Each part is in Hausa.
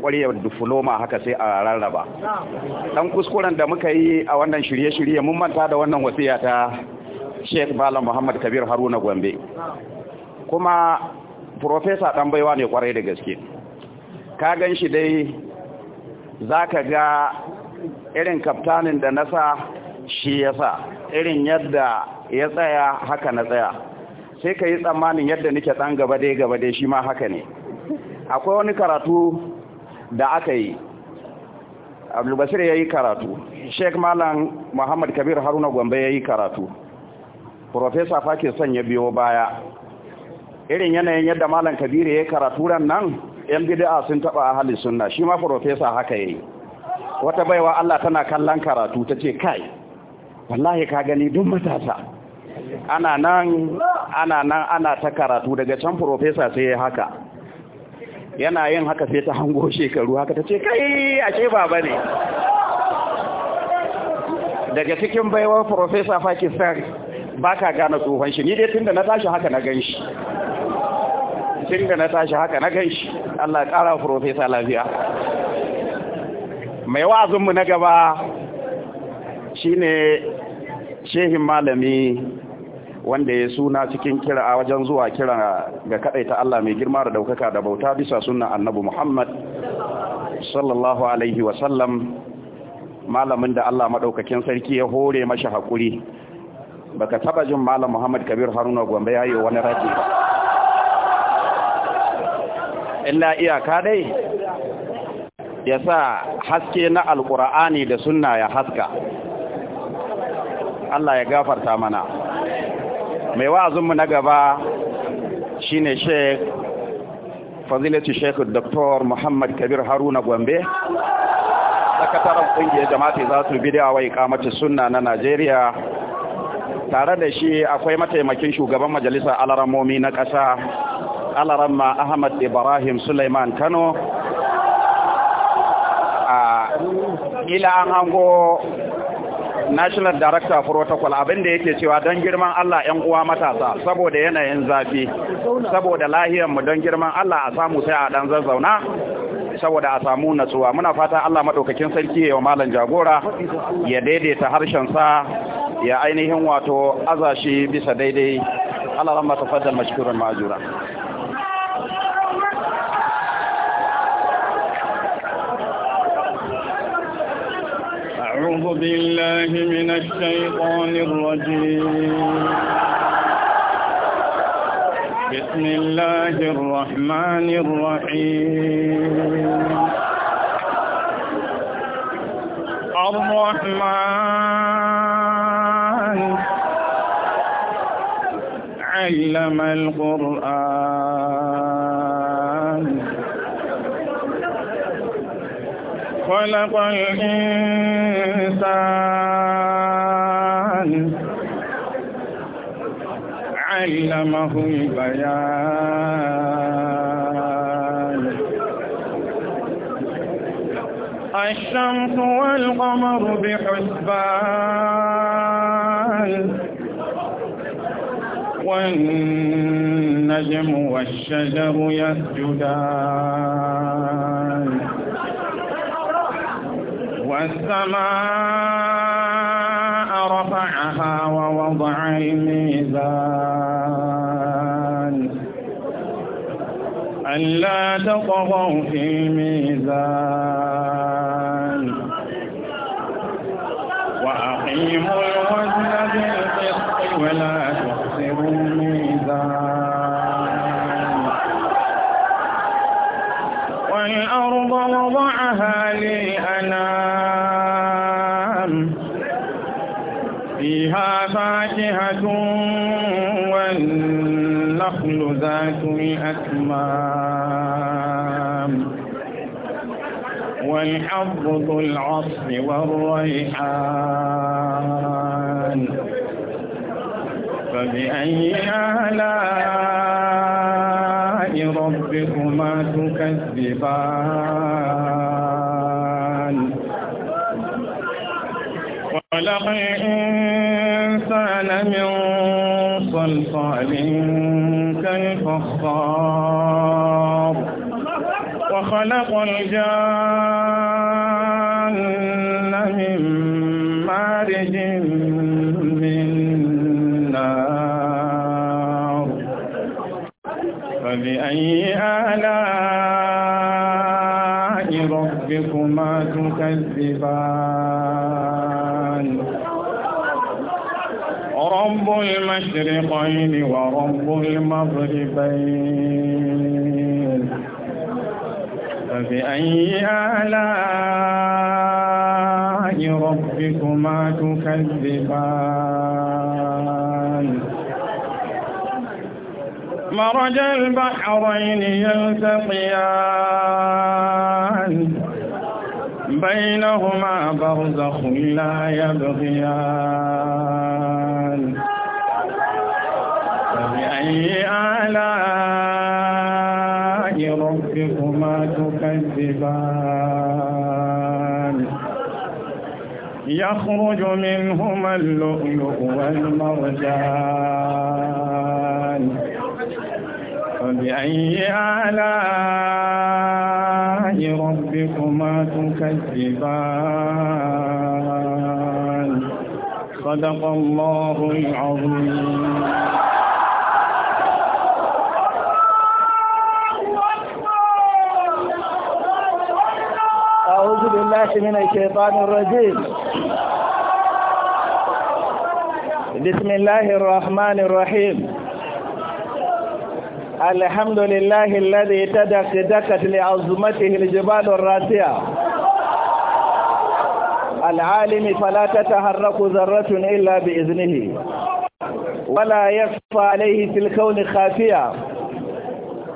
ƙwaryar difloma haka sai a rarraba dan kuskuren da muka yi a wannan shirye-shirye mun manta da wannan wasiya ta Sheikh Malam Muhammad Kabir Haruna Gombe kuma profesa dan baiwa ne kwarai da gaske ka gan shi dai zaka ga irin kaftanin da na sa shi ya sa irin yadda ya tsaya haka na tsaya sai ka yi tsammanin yadda nake ɗan gaba dai gaba dai shi ma haka ne akwai wani karatu da aka yi abdulbashir ya yi karatu sheik malam muhammad kabir haruna gombe ya yi karatu profesa fakir son ya biyo baya irin yanayin yadda malam kabir ya yi karatu ran nan yan bid'a sun taba halin sunna shi ma profesa haka yayi wata baiwa Allah tana kallon karatu ta ce kai wallahi ka gani duk matasa ana nan ana nan ana ta karatu daga can profesa sai ya haka yana yin haka sai ta hango shekaru haka ta ce kai ashe baba ne daga cikin baiwar professor pakistan ba ka gane tsohon shi ni dai tun da na tashi haka na gan shi tun da na tashi haka na gan shi allah ƙara professor lafiya mai wa'azinmu na gaba shine shehin malami wanda ya suna cikin kira a wajen zuwa kira ga ta Allah mai girma da daukaka da bauta bisa sunna Annabu Muhammad sallallahu alaihi wa sallam malamin da Allah madaukakin sarki ya hore mashi hakuri baka taba jin malam Muhammad Kabir Haruna Gombe yayi wani raki ba illa iyaka dai ya sa haske na alkur'ani da sunna ya haska Allah ya gafarta mana mai wa'azinmu na gaba shi ne sheikh fazilatu sheikh dr muhammad kabir haruna gombe sakataren kungiyar jama'a za su bidiyo wa ikamacin sunna na najeriya tare da shi akwai mataimakin shugaban majalisar alaramomi na ƙasa alaramma ahmad ibrahim suleiman kano a ila an hango national director protocol abinda yake cewa don girman Allah ‘yan uwa matasa saboda yanayin zafi saboda mu don girman Allah a samu sai a dan zazzauna saboda a samu natsuwa muna fata Allah maɗaukakin sarki ya malam jagora ya daidaita harshen sa, ya ainihin wato azashi bisa daidai Allah ran tafaddal mashkurun majura أعوذ بالله من الشيطان الرجيم بسم الله الرحمن الرحيم الرحمن علم القرآن خلق الإنسان علمه البيان الشمس والقمر بحسبان والنجم والشجر يسجدان السَّمَاءَ رَفَعَهَا وَوَضَعَ الْمِيزَانَ أَلَّا تَطْغَوْا فِي الْمِيزَانِ وَأَقِيمُوا الْوَزْنَ بِالْقِسْطِ وَلَا فاكهة والنخل ذات الأكمام والحب ذو العصر والريحان فبأي آلاء ربكما تكذبان ولقد صلصال كالفخار وخلق الجان من مارج من نار فبأي آلاء ربكما تكذبان المشرقين ورب المغربين فبأي آلاء ربكما تكذبان مرج البحرين يلتقيان بينهما برزخ لا يبغيان فبأي آلاء ربكما تكذبان يخرج منهما اللؤلؤ والمرجان فبأي آلاء ربكما تكذبان صدق الله العظيم بالله من الشيطان الرجيم بسم الله الرحمن الرحيم الحمد لله الذي تدك دكت لعظمته الجبال الراسية العالم فلا تتحرك ذرة إلا بإذنه ولا يخفى عليه في الكون خافية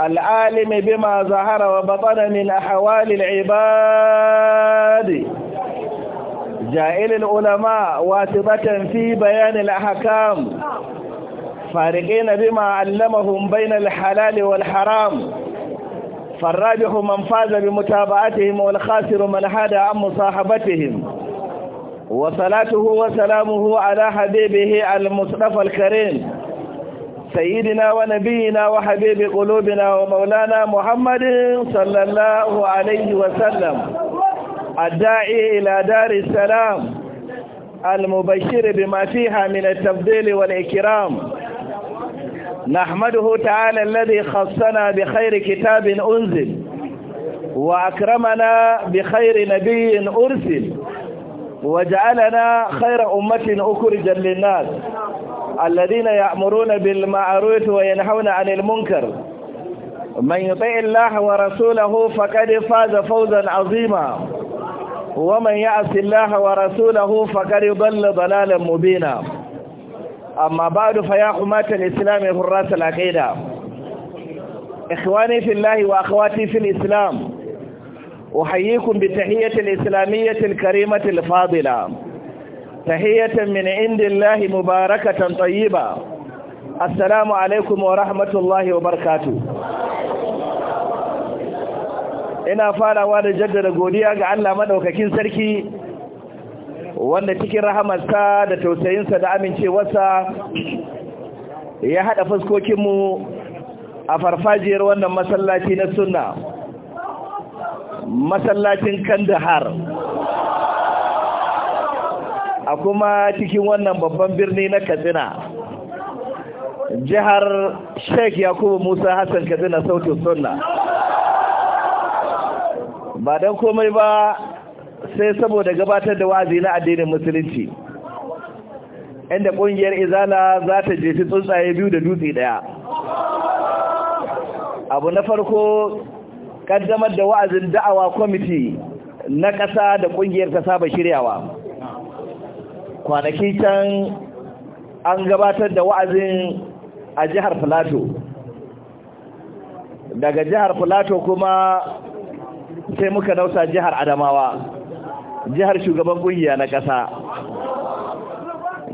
العالم بما ظهر وبطن من أحوال العباد جائل العلماء واسطة في بيان الأحكام فارقين بما علمهم بين الحلال والحرام فالراجح من فاز بمتابعتهم والخاسر من حاد عن مصاحبتهم وصلاته وسلامه على حبيبه المصطفى الكريم سيدنا ونبينا وحبيب قلوبنا ومولانا محمد صلى الله عليه وسلم الداعي إلى دار السلام المبشر بما فيها من التفضيل والإكرام نحمده تعالى الذي خصنا بخير كتاب أنزل وأكرمنا بخير نبي أرسل وجعلنا خير أمة أخرجا للناس الذين يأمرون بالمعروف وينهون عن المنكر من يطيع الله ورسوله فقد فاز فوزا عظيما ومن يعص الله ورسوله فقد ضل ضلالا مبينا أما بعد فيا حمات الإسلام حراس العقيدة إخواني في الله وأخواتي في الإسلام أحييكم بتحية الإسلامية الكريمة الفاضلة تحية من عند الله مباركة طيبة السلام عليكم ورحمة الله وبركاته ina farawa da jaddada godiya ga Allah madaukakin sarki wanda cikin rahamarsa da tausayinsa da amincewarsa ya hada fuskokinmu a farfajiyar wannan masallaci na sunna masallacin Kandahar a kuma cikin wannan babban birni na katsina jihar sheik yakubu musa hassan katsina sautin sunna ba don komai ba sai saboda gabatar da wa'azi na addinin musulunci inda ƙungiyar izala za ta jefi tsuntsaye biyu da dutse ɗaya abu na farko kaddamar da wa'azin da'awa kwamiti na ƙasa da ƙungiyar ta saba shiryawa kwanaki can an gabatar da wa'azin a jihar filato daga jihar filato kuma sai muka nausa jihar adamawa jihar shugaban kungiya na ƙasa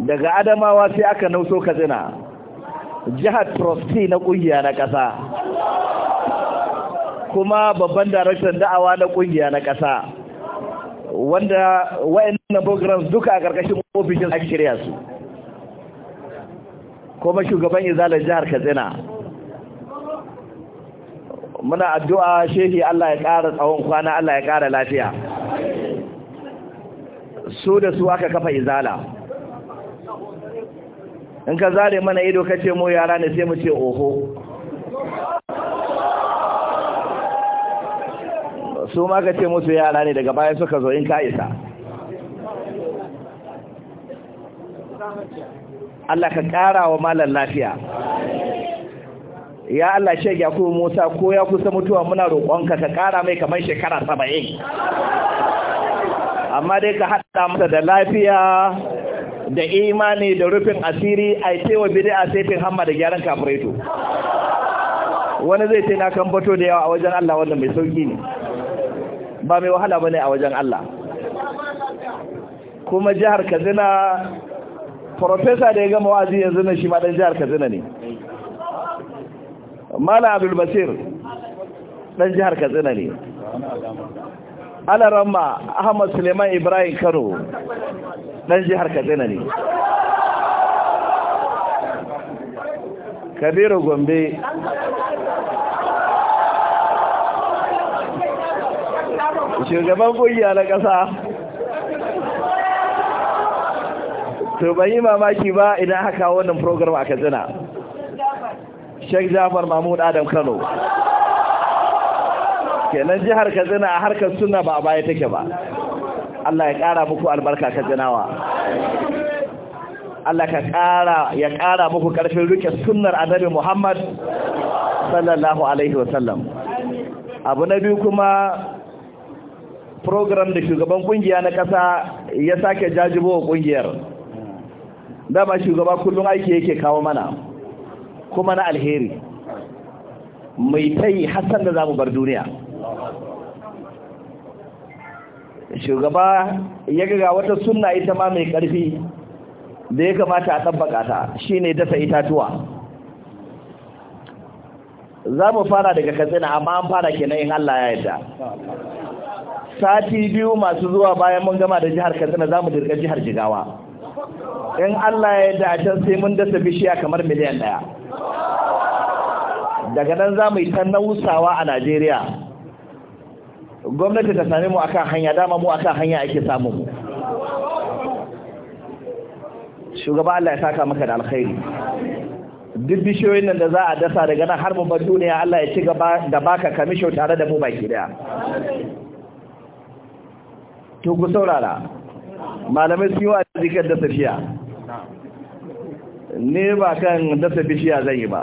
daga adamawa sai aka nauso katsina jihar trustee na kungiya na ƙasa kuma babban daraktan da'awa na ƙungiya na ƙasa wanda wa'annan programs duka a ƙarƙashin ofishin a shirya su kuma shugaban izalar jihar katsina muna addu'a shehi Allah ya ƙara tsawon kwana Allah ya ƙara lafiya su da su aka kafa izala in ka zare mana ido kace mu yara ne sai mu ce oho su ma ka ce musu yara ne daga baya suka zo in ka isa Allah ka ƙara wa malar lafiya ya Allah shege ku Musa ko ya kusa mutuwa muna roƙonka ka kara mai kamar shekara saba'in amma dai ka haɗa masa da lafiya da imani da rufin asiri a tewa bidi a saifin hamma da gyaran kafureto wani zai ce na kan bato da yawa a wajen Allah wanda mai sauki ne ba mai wahala bane a wajen Allah kuma jihar Kaduna professor da ya gama wazi yanzu na shi ma dan jihar Kaduna ne Malam Abdul Basir jihar Kaduna ne Alaramma Ahmad Suleiman Ibrahim Kano ɗan jihar Kaduna ne Kabiru Gombe shugaban kungiya na ƙasa to ban yi mamaki ba idan haka wannan program a katsina sheik jafar mahmud adam kano kenan jihar katsina a harkar suna ba a baya take ba Allah ya ƙara muku albarka katsinawa Allah ka ƙara ya ƙara muku ƙarfin rike sunnar annabi Muhammad sallallahu alaihi wasallam abu na biyu kuma program da shugaban kungiya na ƙasa ya sake jajibo wa kungiyar dama shugaba kullum aiki yake kawo mana kuma na alheri mai tai hassan da zamu bar duniya shugaba ya ga wata sunna ita ma mai ƙarfi da ya kamata a tabbaka ta shine dasa itatuwa za mu fara daga katsina amma an fara kenan in Allah ya yarda sati biyu masu zuwa bayan mun gama da jihar katsina za mu dirga jihar jigawa in allah ya dace sai mun dasa bishiya kamar miliyan daya daga nan za mu yi ta nausawa a najeriya gwamnati ta sami mu akan hanya dama mu akan hanya ake samu mu shugaba allah ya saka maka da alkhairi duk bishiyoyin nan da za a dasa daga nan har mu bar duniya allah ya ci gaba da baka kamisho tare da mu baki daya to ku saurara malamai sun yi wa jikin dasa bishiya ne ba kan dasa bishiya zai yi ba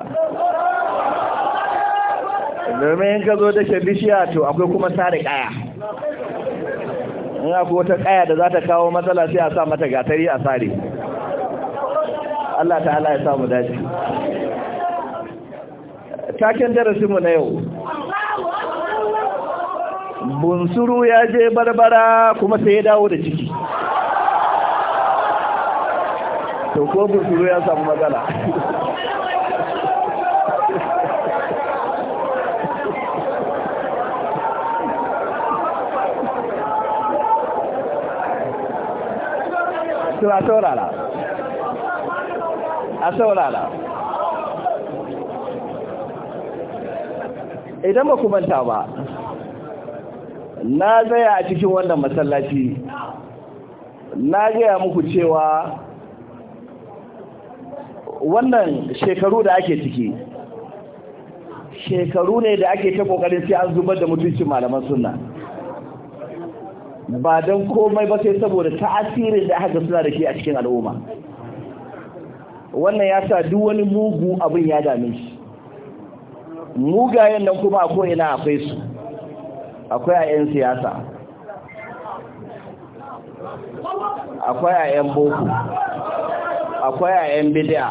domin ka zo dasa bishiya to akwai kuma sare kaya in akwai wata kaya da za ta kawo matsala sai a sa mata gatari a sare Allah ta'ala ya samu daji taken darasinmu na yau bunsuru ya je barbara kuma sai ya dawo da ciki to ko bunsuru ya samu magana? to a saurara a saurara idan ba ku manta ba na zaya a cikin wannan masallaci na gaya muku cewa wannan shekaru da ake ciki shekaru ne da ake ta kokarin sai an zubar da mutunci malaman sunna ba don komai ba sai saboda ta'asirin da aka suna da ke a cikin al'umma wannan ya sa duk wani mugu abin ya dame shi mugayen nan kuma a ko'ina akwai su akwai a 'yan siyasa akwai a 'yan boko akwai a 'yan bidia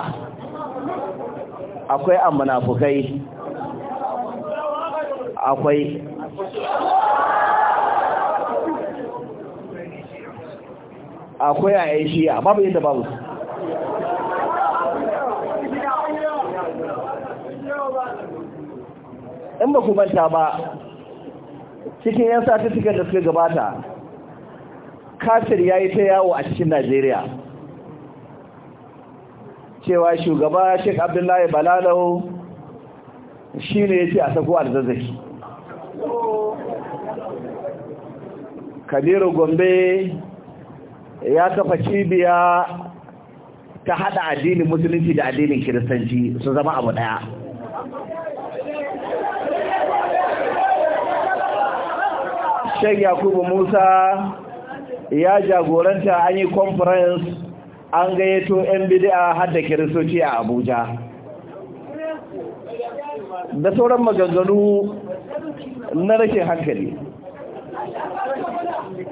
akwai a munafukai akwai akwai a 'yan shiya babu yadda babu in ba kumanta ba cikin yan satifikan da suka gabata kafir ya yi ta yawo a cikin najeriya cewa shugaba sheik abdullahi balalau shi ne ya ce a sako alzazzaki kabiru gombe ya kafa cibiya ta hada addinin musulunci da addinin kiristanci su zama abu daya shan yakubu musa ya jagoranta an yi conference an gayyato 'yan bidi'a har da kiristoci a abuja da sauran maganganu na rashin hankali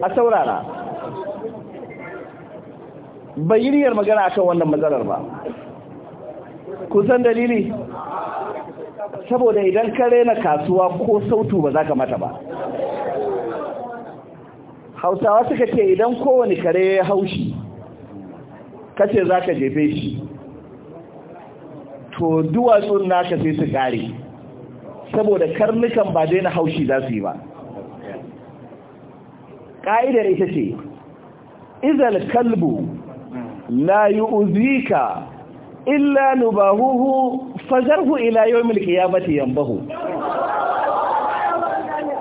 a saurara bayyiniyar magana a kan wannan matsalar ba kusan dalili saboda idan ka rena kasuwa ko sautu ba za ka mata ba hausawa suka ce idan kowane kare ya haushi kace za ka jefe shi to duwatsun naka sai su kare saboda karnukan ba daina haushi za su yi ba ƙa'idar ita ce izal kalbu la yu'zika illa nubahuhu fazarhu ila yawmil qiyamati yambahu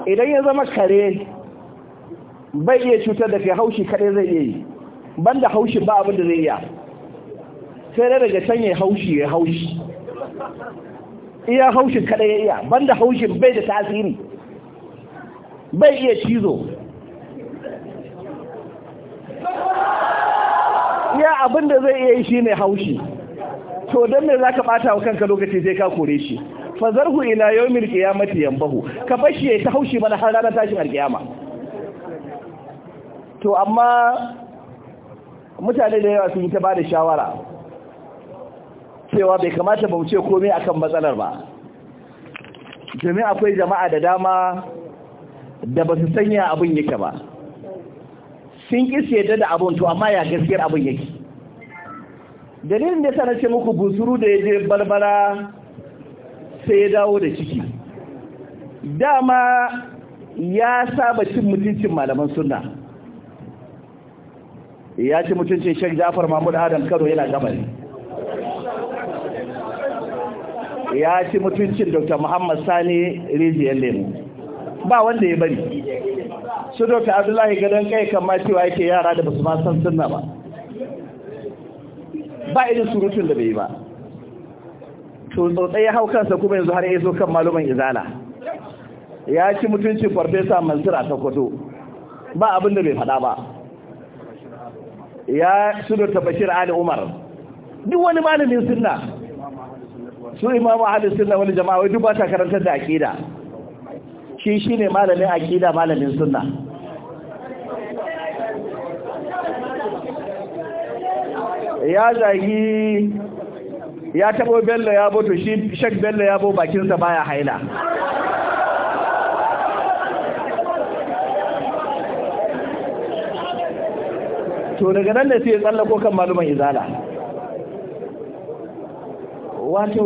idan ya zama kare bai iya cutar da kai haushi kadai zai iya yi banda haushi ba abin da zai iya sai dai daga can ya haushi ya haushi iya haushin kadai ya iya banda haushin bai da tasiri bai iya cizo iya abin da zai iya yi shi ne haushi to don me za ka ɓata wa kanka lokaci zai ka kore shi fa zarhu ila yawmil qiyamati yanbahu ka bashi ya ta haushi mana har ranar tashin alkiyama to amma mutane da yawa sun yi ta ba da shawara cewa bai kamata ba ce komai akan matsalar ba domin akwai jama'a da dama da ba su sanya abin yake ba sun ƙi yadda da abin to amma ya gaskiyar abin yake dalilin da sana ce muku busuru da ya je barbara sai ya dawo da ciki dama ya saba cin mutuncin malaman sunna ya ci mutuncin Sheikh Jafar Mahmud Adam Kano yana gabari ya ci mutuncin Dr. Muhammad Sani Rijiyar Lemu ba wanda ya bari su Dr. Abdullahi gadon kai kama cewa yake yara da basu ma san ba ba irin surutun da bai yi ba to tsotsai ya hau kansa kuma yanzu har ya kan maluman izala ya ci mutuncin farfesa mansura ta kwato ba abin da bai faɗa ba ya sudurta bashir ali umar duk wani malamin sunna su imamu ahli sunna wani jama'a wai duk ba ta karanta da akida shi shine malamin akida malamin sunna ya zagi ya tabo bello ya bo to shi shak bello ya bo bakinsa baya haila to daga nan ne sai ya tsallako kan maluman izala wato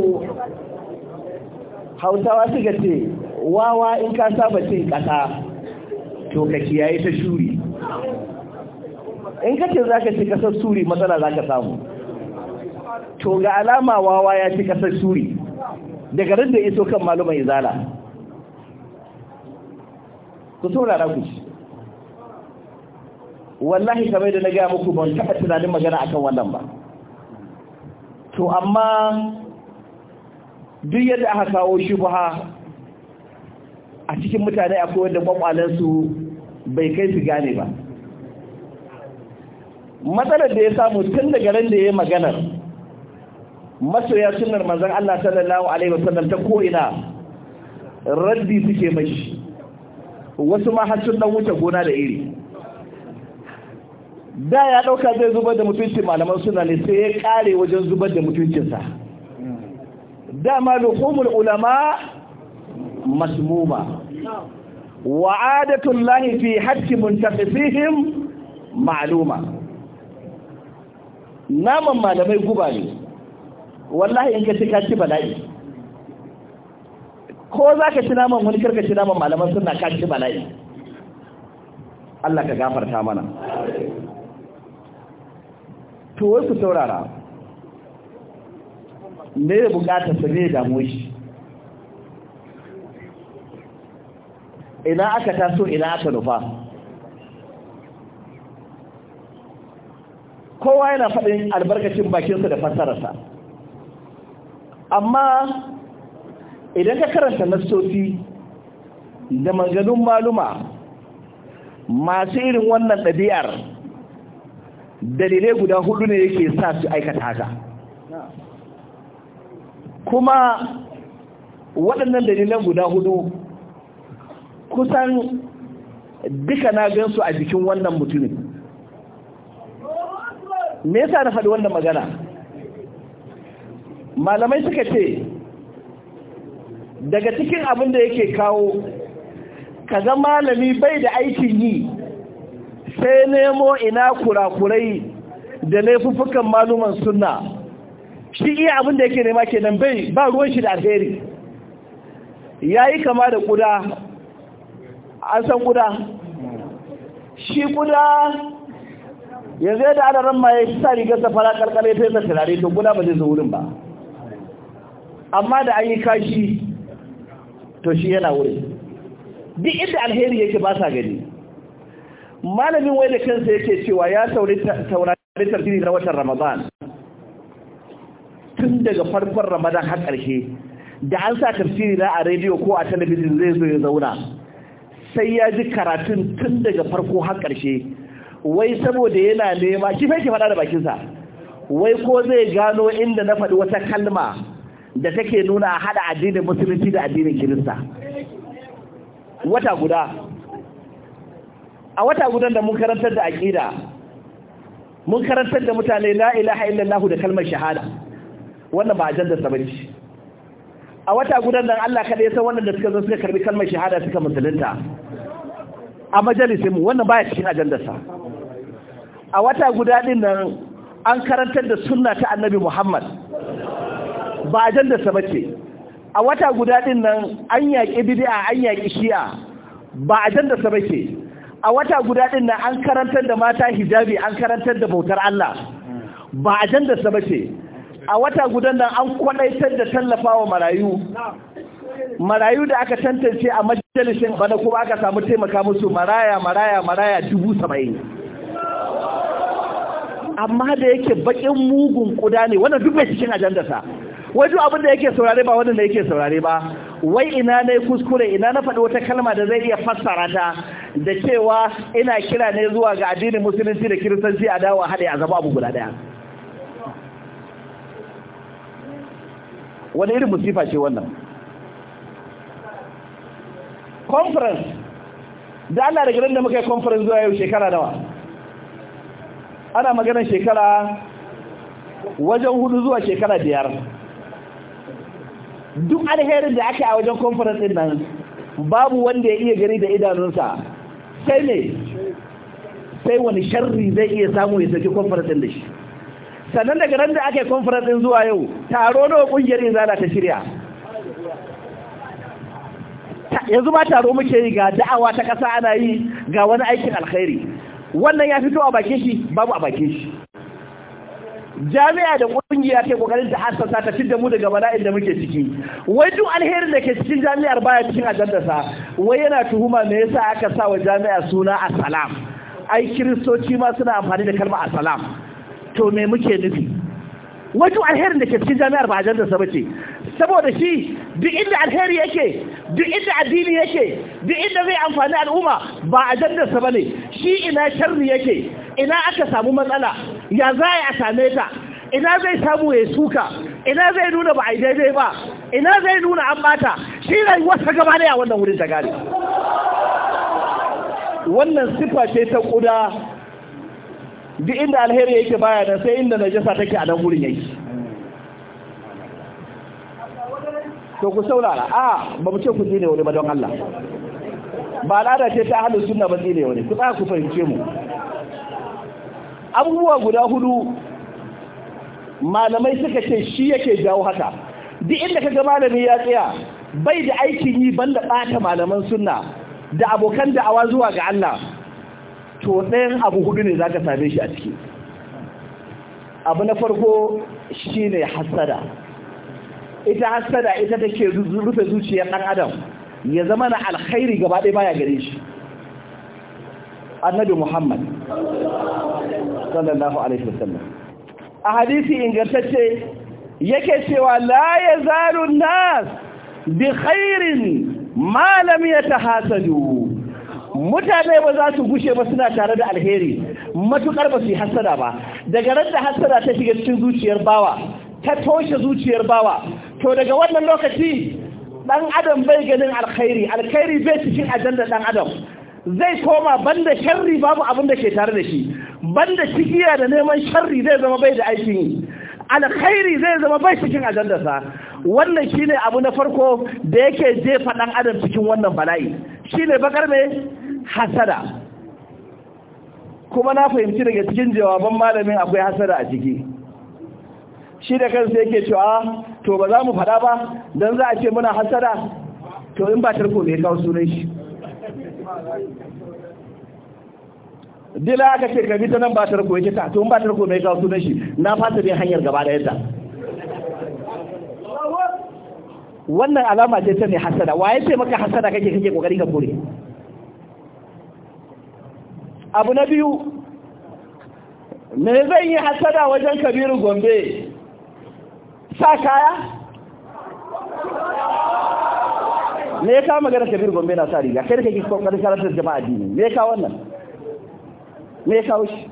hausawa suka ce wawa in ka saba cin kasa to ka kiyaye ta shuri in ka ce za ka ci kasar suri matsala za ka samu to ga alama wawa ya ci kasar suri daga da iso kan maluman izala ku saurara ku ci wallahi kamar da na gaya muku ban taɓa tunanin magana akan wannan ba to amma duk yadda aka kawo shi buha a cikin mutane akwai wanda su bai kai su gane ba matsalar da ya samu tun daga ran da ya yi maganar masoya sunar manzan Allah sallallahu alaihi wasallam ta ko ko'ina raddi suke mashi wasu ma har sun dan wuce gona da iri da ya ɗauka zai zubar da mutuncin malaman suna ne sai ya ƙare wajen zubar da mutuncinsa dama lukumul ulama masmuma adatun lahi fi hakki muntafisihim ma'aluma naman malamai guba ne wallahi in ka ci ka ci bala'i ko za ka ci naman wani karka ci naman malaman suna ka ci bala'i Allah ka gafarta mana to wasu saurara me ya bukata su ne damu shi ina aka taso ina aka nufa kowa yana faɗin albarkacin bakinsa da fassararsa amma idan ka karanta nassosi da manganun maluma masu irin wannan ɗabi'ar dalilai guda hudu ne yake sa su aikata haka kuma waɗannan dalilan guda hudu kusan duka na gan su a jikin wannan mutumin me yasa na faɗi wannan magana malamai suka ce daga cikin abin da yake kawo kaga malami bai da aikin yi sai nemo ina kurakurai da laifuffukan maluman sunna shi iya abin da yake nema kenan bai ba ruwan shi da alheri Ya yi kama da kuda an san kuda shi kuda yanzu yadda ana ran ma ya sa rigar sa fara karkare fesa turare to kuda ba zai zo wurin ba amma da an yi kashi to shi yana wurin duk inda alheri yake ba sa gani malamin wai da kansa yake cewa ya saurari tartiri na watan ramadan tun daga farkon ramadan har ƙarshe da an sa tafsiri na a rediyo ko a talabijin zai zo ya zauna sai ya ji karatun tun daga farko har ƙarshe wai saboda yana nema kife ke faɗa da bakinsa wai ko zai gano inda na faɗi wata kalma da take nuna a haɗa addinin musulunci da addinin kirista wata guda a wata gudan da mun karantar da aƙida mun karantar da mutane la ilaha illallah da kalmar shahada wannan ba ajandar sa bane a wata gudan nan Allah kada ya san wannan da suka zo suka karbi kalmar shahada suka musulunta a majalisin mu wannan baya cikin ajandar sa a wata guda din nan an karantar da sunna ta Annabi Muhammad ba ajandar sa bace a wata guda din nan an yaƙi bid'a an yaƙi shi'a ba ajandar sa bace a wata guda ɗin na an karantar da mata hijabi an karantar da bautar Allah ba da sa ce. a wata guda nan an kwadaitar da tallafawa marayu marayu da aka tantance a majalisin bana kuma aka samu taimaka musu maraya maraya maraya dubu saba'in amma da yake bakin mugun kuda ne wannan duk mai cikin ajandarsa wajen abin da yake saurare ba wannan da yake saurare ba wai ina na kuskure ina na faɗi wata kalma da zai iya fassara ta da cewa ina kira ne zuwa ga addinin musulunci da kiristanci a dawo haɗe a zama abu guda ɗaya wani irin musifa ce wannan conference da Allah da garin da muka yi conference zuwa yau shekara nawa ana maganar shekara wajen hudu zuwa shekara biyar duk alherin da aka yi a wajen conference din nan babu wanda ya iya gani da idanunsa sai ne sai wani sharri zai iya samu ya saki conference din da shi sannan daga ran da aka yi conference din zuwa yau taro nawa kungiyar izala ta shirya yanzu ba taro muke yi ga da'awa ta kasa ana yi ga wani aikin alkhairi wannan ya fito a bakin shi babu a bakin shi jami'a da kungiya ke kokarin ta hassasa ta fidda mu daga bala'in da muke ciki wai duk alherin da ke cikin jami'ar baya cikin ajandarsa wai yana tuhuma me yasa aka sa wa jami'a suna assalam ai kiristoci ma suna amfani da kalmar assalam to me muke nufi wai duk alherin da ke cikin jami'ar ba ajandarsa ba ce saboda shi duk inda alheri yake duk inda addini yake duk inda zai amfani al'umma ba ajandarsa ba ne shi ina sharri yake ina aka samu matsala ya za a same ta ina zai samu ya suka ina zai nuna ba a yi daidai ba ina zai nuna an bata shi rayuwarsa gaba a wannan wurin ta wannan siffa ce ta kuda duk inda alheri yake baya nan sai inda najasa take a nan wurin yake to ku saurara a ba mu ce ku tsine wani ba don Allah ba al'ada ce ta ahlus suna ba tsine wani ku tsaya ku fahimce mu abubuwa guda hudu malamai suka ce shi yake jawo haka duk inda kaga malami ya tsaya bai da aikin yi banda bata malaman sunna da abokan da'awa zuwa ga Allah to ɗayan abu hudu ne zaka same shi a ciki abu na farko shine hasada ita hasada ita take rufe zuciyar ɗan adam ya zama na alkhairi gaba ɗaya baya gare shi annabi muhammad sallallahu alaihi wasallam a hadisi ingantacce yake cewa la zaru nas bi khairin ma lam yatahasadu mutane ba za su gushe ba suna tare da alheri matukar ba su yi hasada ba daga ran da hasada ta shiga cikin zuciyar bawa ta toshe zuciyar bawa to daga wannan lokaci dan adam bai ganin alkhairi alkhairi bai cikin ajanda dan adam zai koma banda sharri babu abin da ke tare da shi banda cikiya da neman sharri zai zama bai da aikin yi alkhairi zai zama bai cikin ajandarsa wannan shine abu na farko da yake jefa dan adam cikin wannan bala'i shine bakar me hasada kuma na fahimci daga cikin jawaban malamin akwai hasada a ciki shi da kansa yake cewa ah, to ba za mu faɗa ba dan za a ce muna hasada to in ba tarko ne kawo sunan shi dila aka ce ka ta nan ba tarko yake ta to in ba tarko mai kawo sunan shi na fata bin hanyar gaba da yadda wannan alama ce ta ne hasada wa ya ce maka hasada kake kake kokari ka kore abu na biyu me zai yi hasada wajen kabiru gombe sa kaya me ya kawo magana kabiru gombe na sa riga kai da kake kokarin karatar jama'a dini me ya kawo wannan me ya kawo shi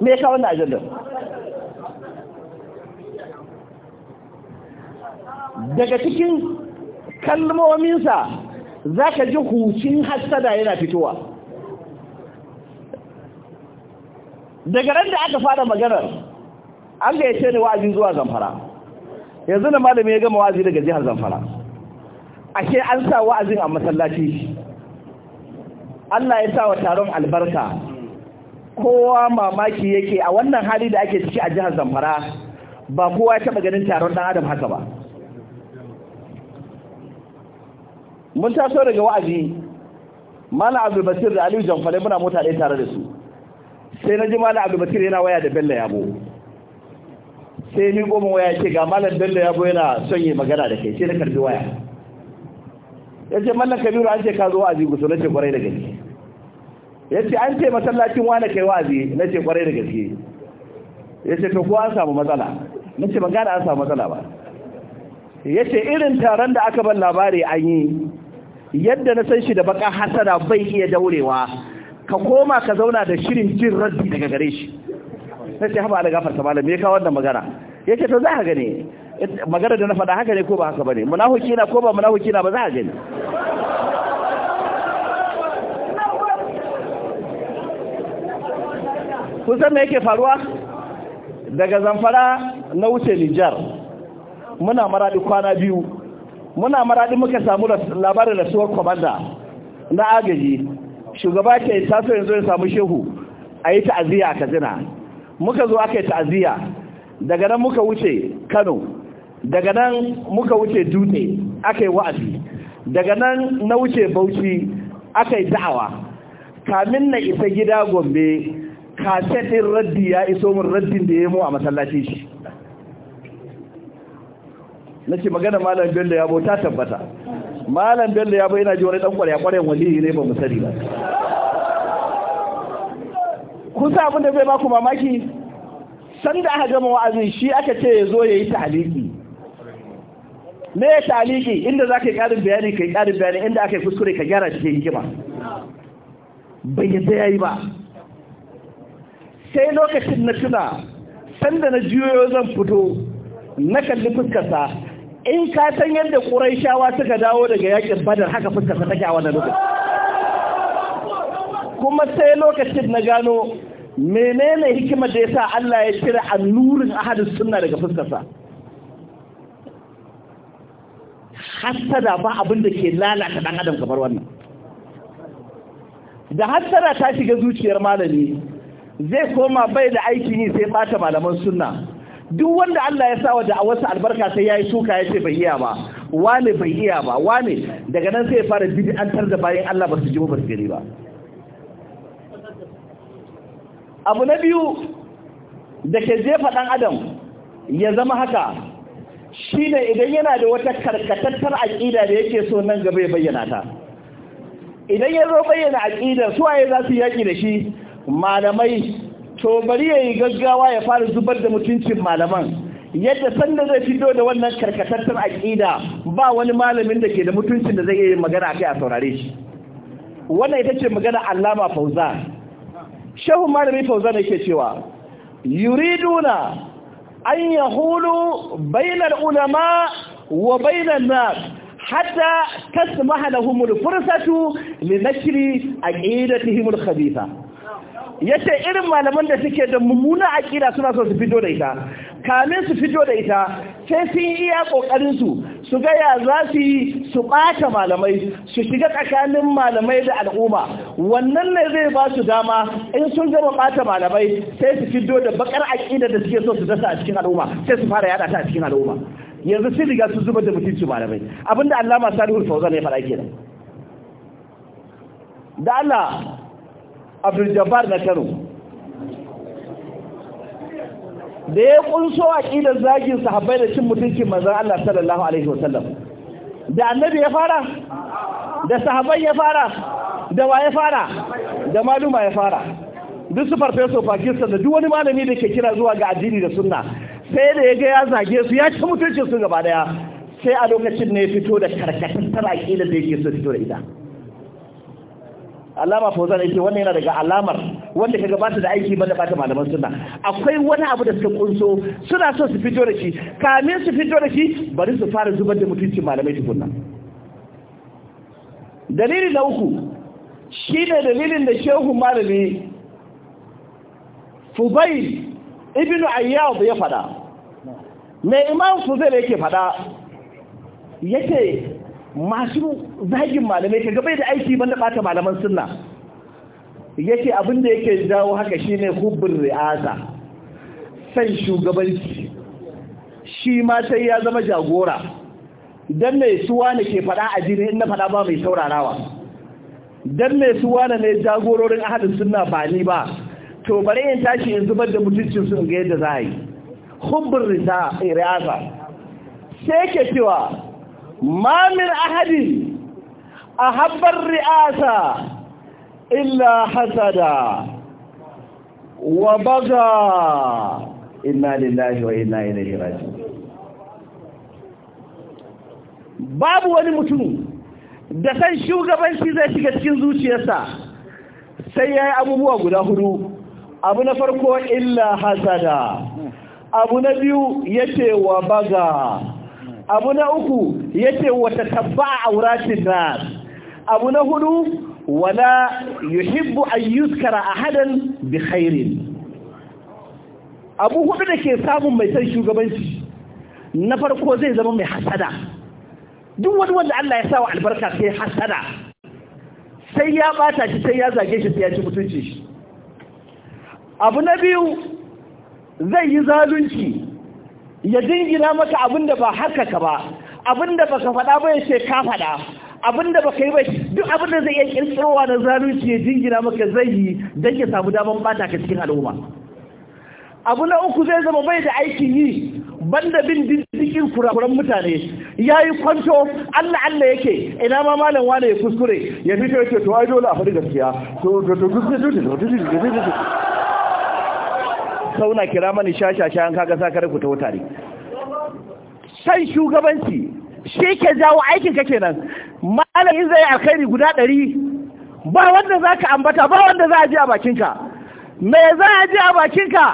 me daga cikin kalmominsa za ka ji hucin hassada yana fitowa daga ran da aka fara maganar an gayyace ni wa'azi zuwa zamfara yanzu na malami ya gama wa'azi daga jihar zamfara ashe an sa wa'azin a masallaci Allah ya sa wa taron albarka kowa mamaki yake a wannan hali da ake ciki a jihar Zamfara ba kowa ya taba ganin taron dan adam haka ba mun taso daga wa'azi Malam Abdul Basir da Aliyu Jamfare muna mota ɗaya tare da su sai na ji Malam Abdul Basir yana waya da Bello Yabo sai ni goma waya ce ga Malam Bello Yabo yana son yi magana da kai sai na karbi waya ya ce mallan kabiru an ce ka zo wa'azi gusu na ce kwarai da gaske ya ce an ce masallacin wane kai wa'azi na ce kwarai da gaske ya ce to ko an samu matsala na ce ban gane an samu matsala ba ya ce irin taron da aka ban labari an yi yadda na san shi da baka hasara bai iya daurewa ka koma ka zauna da shirin jin raddi daga gare shi na ce haba da gafarta malam me ka wannan magana ya ce to za ka gane magana da na faɗa haka ne ko ba haka bane munafiki na ko ba munafiki na ba za a gani Kusan me yake faruwa daga zamfara na wuce Nijar muna maradi kwana biyu muna maradi muka samu labarin rasuwar kwamanda na agaji shugaba ke taso yanzu ya samu shehu a yi ta'aziyya a Katsina muka zo aka yi ta'aziyya daga nan muka wuce Kano daga nan muka wuce dutse aka yi wa'azi daga nan na wuce bauchi aka yi da'awa kamin na isa gida gombe shaɗin raddi ya iso min raddin da ya yi mu a matsalashe shi na ce magana malam bello ya ta tabbata malam bello ya bai na ji wani dan kwarya kwaryan yi ne ba mu sani ba kun sa abin da zai baku mamaki sanda aka gama wa'azin shi aka ce ya zo ya yi ta'aliki me ya taliki inda za ka yi ƙarin bayani ka yi ƙarin bayani inda aka yi kuskure ka gyara cikin hikima bai yadda ya yi ba sai lokacin na tuna sanda na juyo zan fito na kalli fuskarsa in ka san yadda ƙurai shawa suka dawo daga yakin badar haka fuskarsa take a wannan lokacin kuma sai lokacin na gano menene hikimar da ya sa Allah ya cire annurin ahadin sunna daga fuskarsa hassada ba abin da ke lalata ɗan adam kamar wannan da hassada ta shiga zuciyar malami zai koma bai da aikin yi sai bata malaman sunna duk wanda Allah ya sa wa da'awarsa albarka sai ya yayi suka ya ce bai iya ba wane bai iya ba wane daga nan sai ya fara bid'antar da bayan Allah ba su ji ba su gari ba abu na biyu da ke jefa ɗan adam ya zama haka Shi ne idan yana da wata karkatattar aƙida da yake so nan gaba ya bayyana ta idan ya zo bayyana aƙida su waye za su yaƙi da shi malamai to bari ya yi gaggawa ya fara zubar da mutuncin malaman yadda sanda zai fito da wannan karkatattar aƙida ba wani malamin da ke da mutuncin da zai iya magana a kai a saurare shi wannan ita ce magana allama fauza shehu malami fauza ne ke cewa yuriduna an yahulu bainar ulama wa bainan nas حتى تسمح لهم الفرصة لنشر عقيدتهم الخبيثة yace irin malaman da suke da mummuna akida suna so su fito da ita kamin su fito da ita sai sun iya kokarin su su gaya za su yi su ɓata malamai su shiga tsakanin malamai da al'umma wannan ne zai ba su dama in sun gama ɓata malamai sai su fito da bakar aƙida da suke so su dasa a cikin al'umma sai su fara yada ta a cikin al'umma yanzu sun riga su zuba da mutunci malamai abinda allama salihu fauzan ya faɗa kenan da Allah Abdul Jabbar na Kano da ya kunso ƙidar zagin sahabbai da cin mutunci manzan Allah sallallahu alaihi wasallam da annabi ya fara da sahabbai ya fara da wa ya fara da maluma ya fara duk su farfeso Pakistan da duk wani malami da ke kira zuwa ga addini da sunna sai da ya ga ya zage su ya ci mutuncin su gaba daya sai a lokacin ne ya fito da karkatattar aqidar da yake so fito da ita alama fauzan yake wannan yana daga alamar wanda kaga ba ta da aiki banda bata malaman sunna akwai wani abu da suka kunso suna so su fito da shi kamin su fito da shi bari su fara zubar da mutunci malamai tukunna dalili na uku shine dalilin da shehu malami Fubai, ibnu ayyab ya fada mai imam fuzail yake fada yake masu zagin malamai ka gabai da aiki banda bata malaman sunna yake abin da yake jawo haka shine hubbun ri'asa san shugabanci shi ma sai ya zama jagora dan mai suwa ne ke fada a jini in na fada ba mai saurarawa dan mai suwa ne jagororin ahadin sunna ba ni ba to bare in tashi in zubar da mutuncin sun in ga yadda za a yi hubbun ri'asa sai ke cewa ما من أحد أحب الرئاسة إلا حسدا وبغى إنا wa وإنا إليه راجعون babu wani mutum da san shugabanci zai shiga cikin zuciyarsa sai ya yi abubuwa guda hudu abu na farko illa hasada abu na biyu ya ce wa baga abu na uku yace wata tabba'a auratin na. abu na hudu wala yuhibbu an yuskara ahadan bi khairin abu hudu da ke samun mai san shugabanci na farko zai zama mai hasada duk wani wanda Allah ya sa wa albarka sai hasada sai ya bata shi sai ya zage shi sai ya ci mutunci shi abu na biyu zai yi zalunci ya jingina maka abin da ba haka ka ba abin da baka faɗa ba ya ce ka faɗa abin da baka yi ba duk abin da zai iya kirkirowa na zalunci ya jingina maka zai yi don ya samu damar bata ka cikin al'umma abu na uku zai zama bai da aikin yi banda bin diddikin kurakuran mutane ya yi kwanto allah allah yake ina ma malam wane ya kuskure ya fito yake to ai dole a faɗi gaskiya to to to sauna kira mani shashasha an kaga sakar ku ta wutare san shugabanci shi ke jawo aikin ka kenan malamin zai alkhairi guda ɗari ba wanda za ka ambata ba wanda za a ji a bakinka me za a ji a bakinka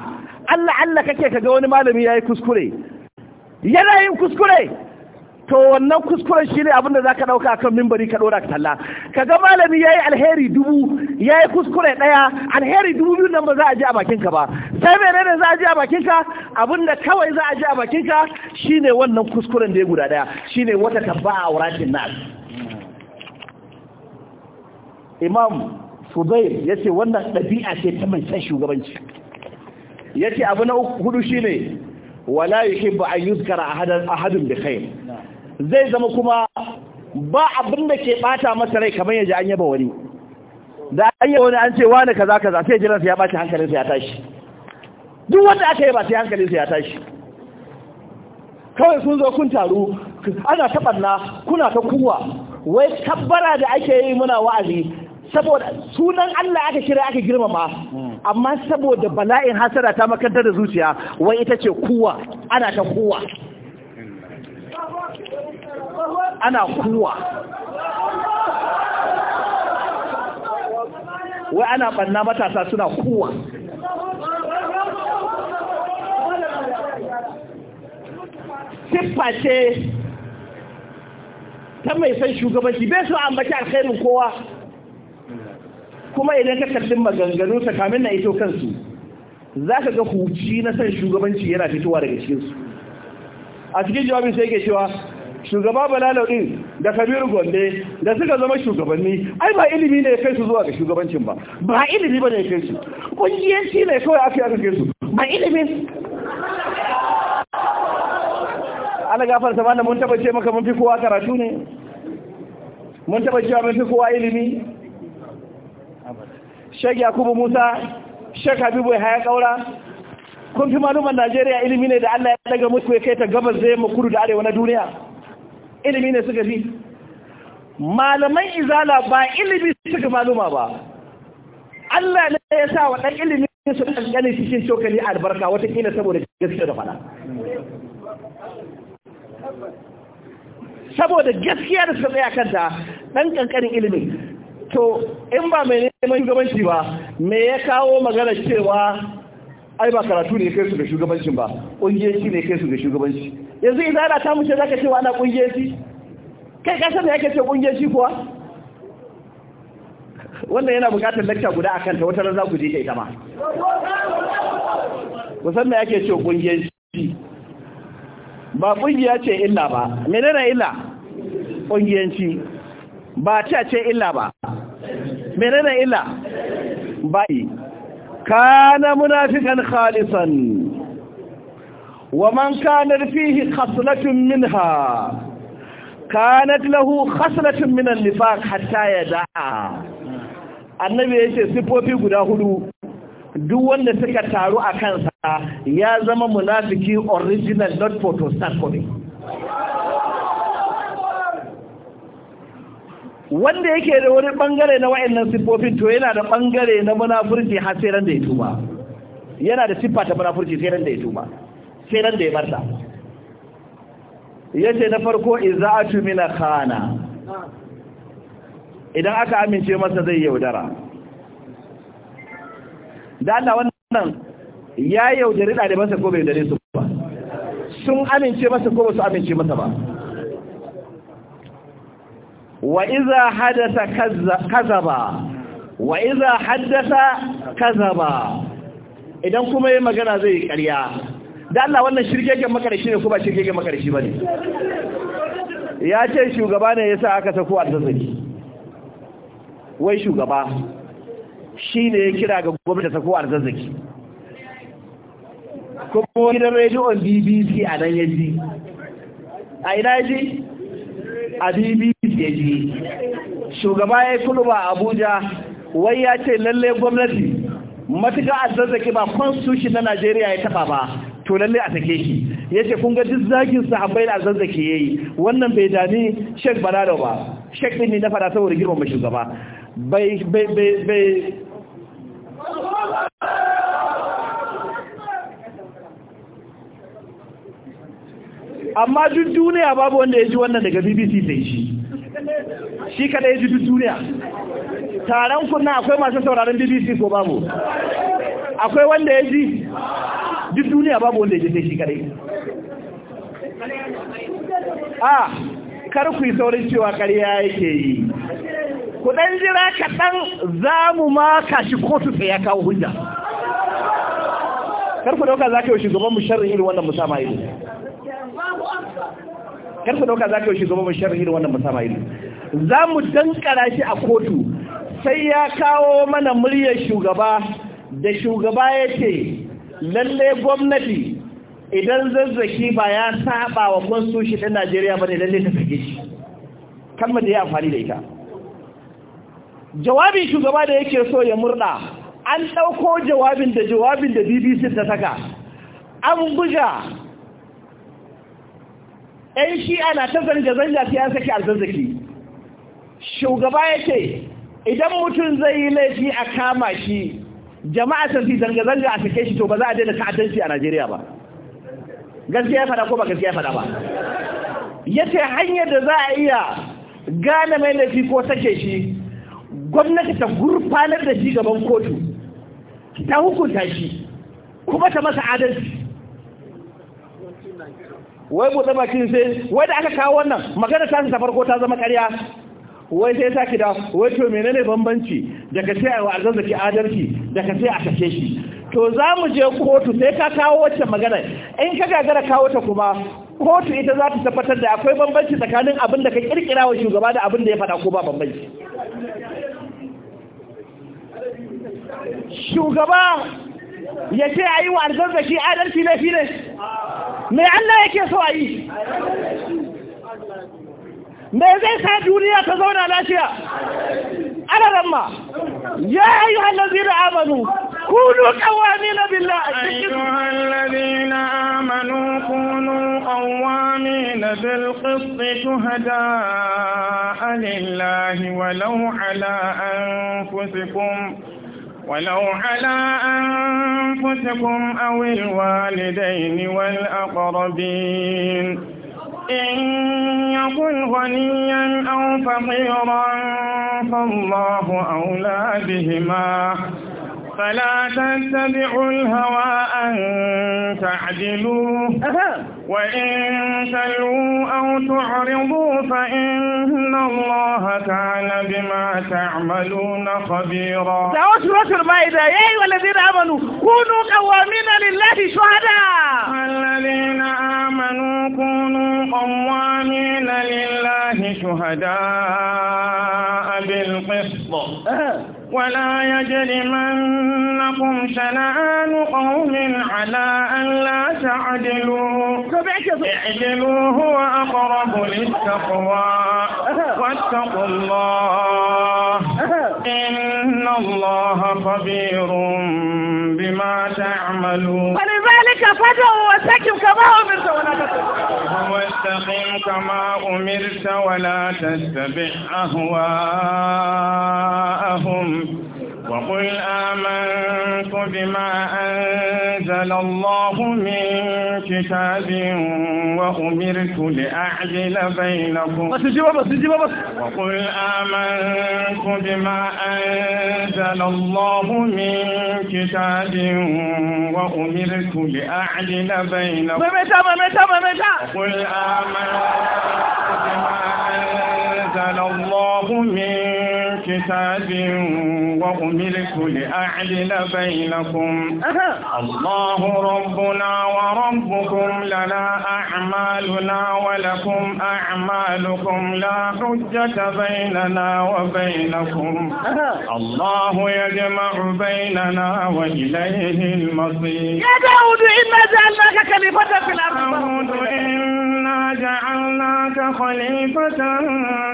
Allah Allah kake kaga wani malami ya yi kuskure yana yin kuskure to wannan kuskuren shine abin da zaka dauka akan mimbari ka dora ka talla kaga malami yayi alheri dubu yayi kuskure daya alheri dubu biyu nan ba za a ji a bakin ka ba sai ne za a ji a bakin ka abin da kawai za a ji a bakin ka shine wannan kuskuren da ya guda daya shine wata tabba'a auratin nas imam fudayl yace wannan dabi'a ce ta mai san shugabanci yace abu na hudu shine wala yuhibbu an yuzkara ahadan ahadun bi khair zai zama kuma ba abin da ke bata masa rai kamar yaji an yaba wani da an yaba wani an ce wani kaza kaza sai jiransa ya bace sa ya tashi duk wanda aka yi ba sai sa ya tashi kawai sun zo kun taru ana taɓanna kuna ta kuwa wai tabbara da ake yi muna wa'azi saboda sunan Allah aka kira aka girmama amma saboda bala'in hasara ta makantar da zuciya wai ita ce kuwa ana ta kuwa ana kuwa wai ana banna matasa suna kuwa siffa ce ta mai son shugabanci bai so ambaci alkhairin kowa kuma idan ka kallin maganganu tsakamin na ito kansu za ka ga huci na son shugabanci yana fitowa daga cikinsu a cikin jawabin sai ke cewa shugaba balalau din da kabiru gonde da suka zama shugabanni ai ba ilimi ne ya kai su zuwa ga shugabancin ba ba ilimi ba ne ya kai su kungiyanci ne kawai aka aka kai su ba ilimi ana gafar ta mun tabbace ce maka mun fi kowa karatu ne mun tabbace cewa mun fi kowa ilimi shek yakubu musa shek habibu haya kaura kun fi maluman najeriya ilimi ne da allah ya daga mutu ya kai ta gabas zai makuru da arewa na duniya ilimi ne suka fi malaman izala ba ilimi suka maluma ba Allah ne ya sa wa ɗan ilimi su ɗanɗane cikin cokali albarka watakila saboda gaskiya da fada saboda gaskiya da suka tsaya kanta ɗan ƙanƙanin ilimi to in ba mai neman gabanci ba me ya kawo magana cewa ai ba karatu ne kai su ga shugabancin ba kungiyanci ne kai su ga shugabanci yanzu idan ana ta muke zaka cewa ana kungiyanci kai ka san yake ce kungiyanci kuwa wannan yana bukatar lakta guda a kanta wata ran za ku je ka ita ma musan me yake ce kungiyanci ba kungiya ce illa ba menene illa kungiyanci ba ta ce illa ba menene illa bai kana munafikan khalisan wa man kana fihi khaslatun minha kanat lahu khaslatun min an-nifaq hatta yada'a annabi yace sifofi guda hudu duk wanda suka taru a kansa ya zama munafiki original not photostat coming wanda yake da wani bangare na wa'annan siffofin to yana da bangare na munafurci har sai ran da ya tuba yana da siffa ta munafurci sai ran da ya tuba sai ran da ya barta yace na farko iza'atu min khana idan aka amince masa zai yaudara da Allah wannan ya yaudari sa ko bai yaudare su ba sun amince masa ko ba su amince masa ba wa iza hadasa kazaba wa iza haddasa kazaba idan kuma yi magana zai yi ƙarya da Allah wannan shirgegen makarashi ne ko ba shirgegen makarashi ba ne ya ce shugaba ne ya sa aka sako a tsatsaki wai shugaba shi ne ya kira ga gwamnati sako a tsatsaki kuma gidan rediyon bbc a nan yanzu a ina ya ji a bbc ya ji shugaba ya yi ba a abuja wai ya ce lalle gwamnati matuka a zazzaki ba constitution na najeriya ya taba ba to lalle a take shi ya ce kun ga duk zagin sahabbai a zazzaki ya yi wannan bai dami shek balado ba shek ɗin ne na fada saboda girman mai shugaba bai bai bai amma duk duniya babu wanda ya ji wannan daga bbc sai shi shi kada ya ji duniya taron kuna akwai masu sauraron bbc ko babu akwai wanda ya ji duk duniya babu wanda ya ji shi kadai a kar yi saurin cewa karya yake yi ku dan jira kaɗan za mu ma shi kotu sai ya kawo hujja kar ku dauka za ka yi shugaban mu sharrin irin wannan musama ido karfe ka za zaka yi shi mai sharhi da wannan musama ido za mu dankara shi a kotu sai ya kawo mana muryar shugaba da shugaba ya ce lalle gwamnati idan zazzaki ba ya saba wa constitution ɗin Najeriya ba ne lalle ta fage shi kalmar da ya amfani da ita jawabi shugaba da yake so ya murna an ɗauko jawabin da jawabin da BBC ta saka an buga ɗan shi ana ta zanga-zanga sai an saki alzazzaki shugaba ya ce idan mutum zai yi laifi a kama shi jama'a sun fi zanga-zanga a sake shi to ba za a daina ta'addanci a najeriya ba gaskiya ya fada ko ba gaskiya ya fada ba ya ce hanyar da za a iya gane mai laifi ko sake shi gwamnati ta gurfanar da shi gaban kotu ta hukunta shi kuma ta masa adalci wai buɗe bakin sai wai da aka kawo wannan magana ta ta farko ta zama ƙarya wai sai ta kida wai to menene bambanci daga sai a arziki adalci daga sai a kashe shi to za mu je kotu sai ka kawo wacce magana in ka gagara kawo ta kuma kotu ita za ta tabbatar da akwai bambanci tsakanin abin da ka kirkira wa shugaba da abin da ya faɗa ko ba bambanci shugaba ya ce a yi wa arzazzaki adalci laifi ne me Allah yake so a yi me zai sa duniya ta zauna lafiya alaramma ya ayyuhal ladina amanu كونوا قوامين بالله أيها الذين آمنوا كونوا قوامين بالقسط شهداء لله ولو على أنفسكم ولو على أنفسكم أو الوالدين والأقربين إن يكن غنيا أو فقيرا فالله أولى بهما فلا تتبعوا الهوى أن تعدلوا وإن تلوا أو تعرضوا فإن الله كان بما تعملون خبيرا دعوة المائدة يا أيها الذين آمنوا كونوا قوامين لله شهداء الذين آمنوا كونوا قوامين لله شهداء بالقسط أه. ولا يجرمنكم شنآن قوم على أن لا تعدلوا اعجلوا هو أقرب للتقوى واتقوا الله إن الله خبير بما تعملون ولذلك فدعوا واستقم كما أمرت ولا تتبع واستقم كما أمرت ولا تتبع أهواءهم وقل آمنت بما أنزل الله من كتاب وأمرت لأعدل بينكم بس بس بس وقل آمنت بما أنزل الله من كتاب وأمرت لأعدل بينكم وقل آمنت بما أنزل الله من كتاب وأملك لأعلن بينكم الله ربنا وربكم لنا أعمالنا ولكم أعمالكم لا حجة بيننا وبينكم الله يجمع بيننا وإليه المصير يا داود إنا جعلناك خليفة في الأرض إنا جعلناك خليفة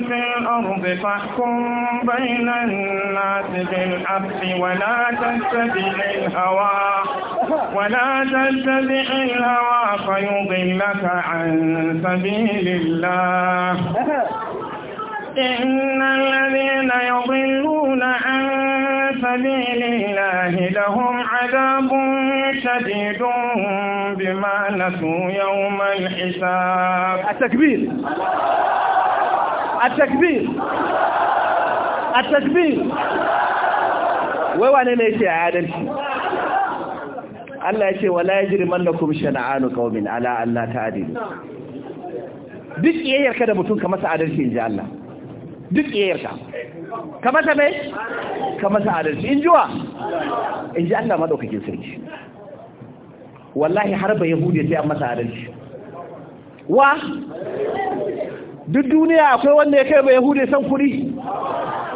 في الأرض فاحكم بين بين الناس بالحق ولا تتبع الهوى ولا تتبع الهوى فيضلك عن سبيل الله إن الذين يضلون عن سبيل الله لهم عذاب شديد بما نسوا يوم الحساب التكبير التكبير a tasbih wai wane ne ce a adalci Allah ya ce wala ya jiri yajrimannakum shana'anu qaumin ala alla ta'dilu duk iyayyar ka da mutum ka masa adalci ji Allah duk iyayyar ka ka masa mai ka masa adalci in ji wa? in ji Allah madaukakin sarki wallahi har ba yahudi sai an masa adalci wa duk duniya akwai wanda ya kai ba yahudai san kuɗi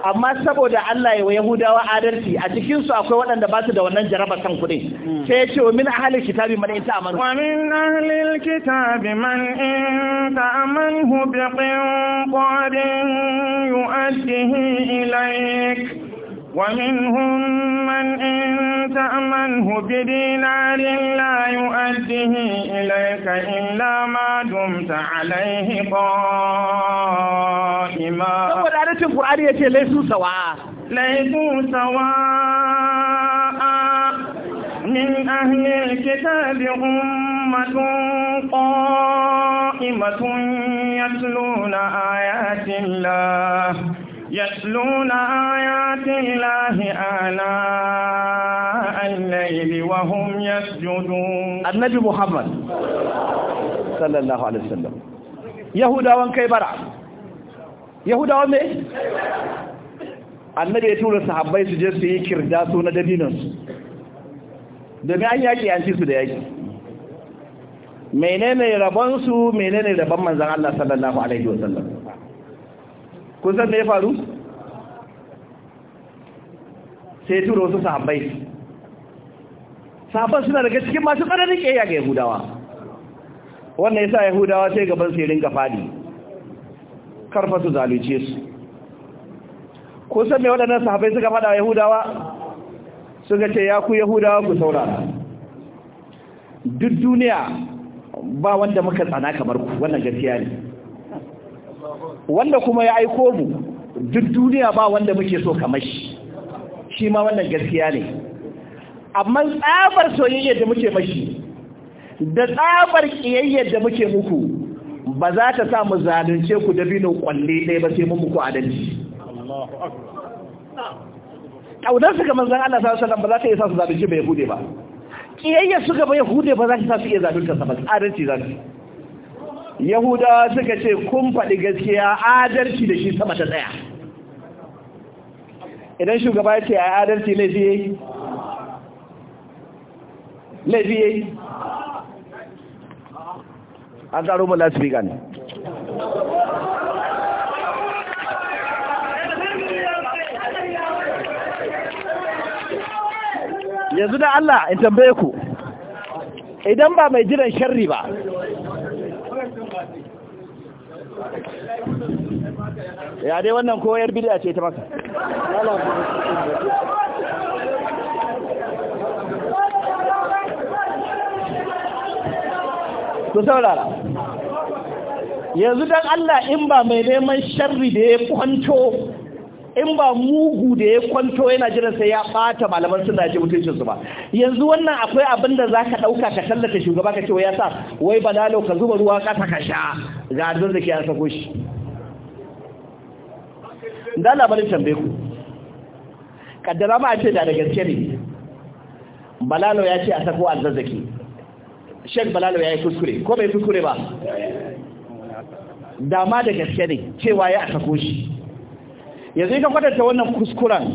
amma saboda Allah ya wa yahudawa adalci a cikin su akwai waɗanda ba su da wannan jaraba san kuɗi sai ya ce wa min ahlil kitabi man in amanu wa min ahlil kitabi man inta amanu bi qinqadin yu'addihi ilayk ومنهم من إن تأمنه بدينار لا يؤديه إليك إلا ما دمت عليه قائما saboda adalcin من أهل الكتاب أمة قائمة يتلون آيات الله يتلون آيات الله آلاء الليل وهم يسجدون النبي محمد صلى الله عليه وسلم يهودا وان كيبرا يهودا وان annabi ya tura sahabai su je su yi kirda suna na dabinansu domin an yaƙi su da yaƙi menene rabonsu menene rabon manzan Allah sallallahu Alaihi wasallam kun san me ya faru sai tura wasu sahabbai sahabban suna daga cikin masu tsananin ƙeya ga yahudawa wannan ya sa yahudawa sai gaban su rinka fadi karfa su zalunce su kun san me waɗannan sahabbai suka faɗa wa yahudawa suka ce ya ku yahudawa ku saurara duk duniya ba wanda muka tsana kamar ku wannan gaskiya ne wanda kuma ya aiko mu duk duniya ba wanda muke so kamar shi shi ma wannan gaskiya ne amma tsabar soyayyar da muke mashi da tsabar kiyayyar da muke muku ba za ta sa mu zalunce ku da binin kwalle ɗaya ba sai mun muku adalci ƙaunar su ga manzan Allah sallallahu alaihi ba za ta iya sa su zalunce bai hude ba kiyayyar su ga bai hude ba za ta sa su iya zalunta sa ba adalci za su yahudawa suka ce kun faɗi gaskiya adalci da shi sama ta tsaya idan shugaba ya ce a adalci laifi fiye laifi an tsaro mu lati ne yanzu da Allah in tambaye ku idan ba mai jiran sharri ba ya dai wannan koyar bid'a ce ta maka ku saurara yanzu dan Allah in ba mai neman sharri da ya kwanto in ba mugu da ya kwanto yana jiran sai ya bata malaman suna ji mutuncin su ba yanzu wannan akwai abin da zaka dauka ka tallata shugaba ka ce ya sa wai balalo ka zuba ruwa kasa ka sha ga arzon da ke an sako shi da labarin tambe ku kaddara ma ce da da gaske ne balalo ya ce a sako arzazzaki shek balalo ya yi kuskure ko bai kuskure ba dama da gaske ne cewa ya a sako shi yanzu ka kwatanta wannan kuskuren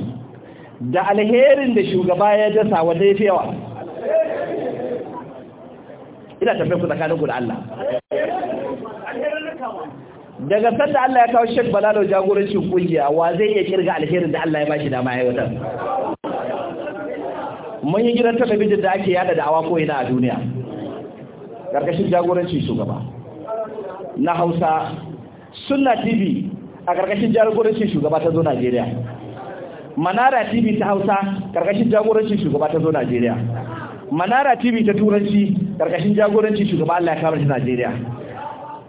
da alherin da shugaba ya dasa wanda ya fi yawa ina tafiyar ku tsakanin ku da Allah daga sanda Allah ya kawo shek Balalo jagorancin kungiya wa zai iya kirga alherin da Allah ya bashi dama ya wata mun yi gidan talabijin da ake yada da awa ko ina a duniya karkashin jagoranci shugaba na Hausa suna TV a ƙarƙashin jagorancin shugaba ta zo Najeriya. Manara TV ta Hausa ƙarƙashin jagorancin shugaba ta zo Najeriya. Manara TV ta Turanci ƙarƙashin jagorancin shugaba Allah ya kama shi Najeriya.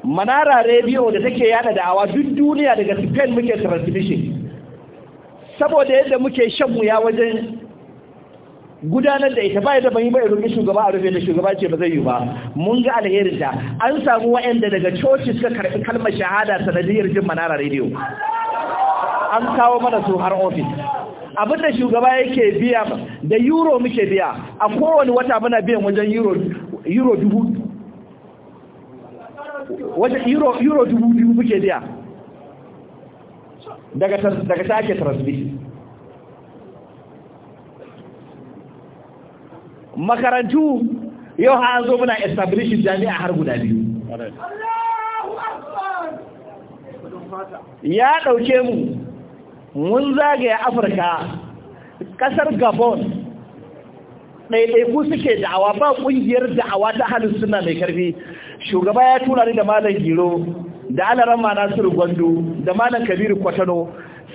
Manara Radio da take da da'awa duk duniya daga Spain muke transmission. Saboda yadda muke shan wuya wajen gudanar da ita ba da bai mai roƙi shugaba a rufe da shugaba ce ba zai yi ba mun ga alherin ta an samu wa'anda daga coci suka karɓi kalmar shahada sanadiyar jin manara Radio. an kawo mana su har ofis abinda shugaba yake biya da euro muke biya a kowane wata muna biyan wajen euro euro dubu wata euro dubu dubu muke biya daga daga sake transmission makarantu yau ha zo muna establishin jami'a har guda biyu ya ɗauke mu mun zagaya afirka ƙasar gabon ɗaiɗaiku suke da'awa ba ƙungiyar da'awa ta halin suna mai karfi shugaba ya tura ni da malam giro da alaran ma nasiru gwandu da malam kabiru kwatano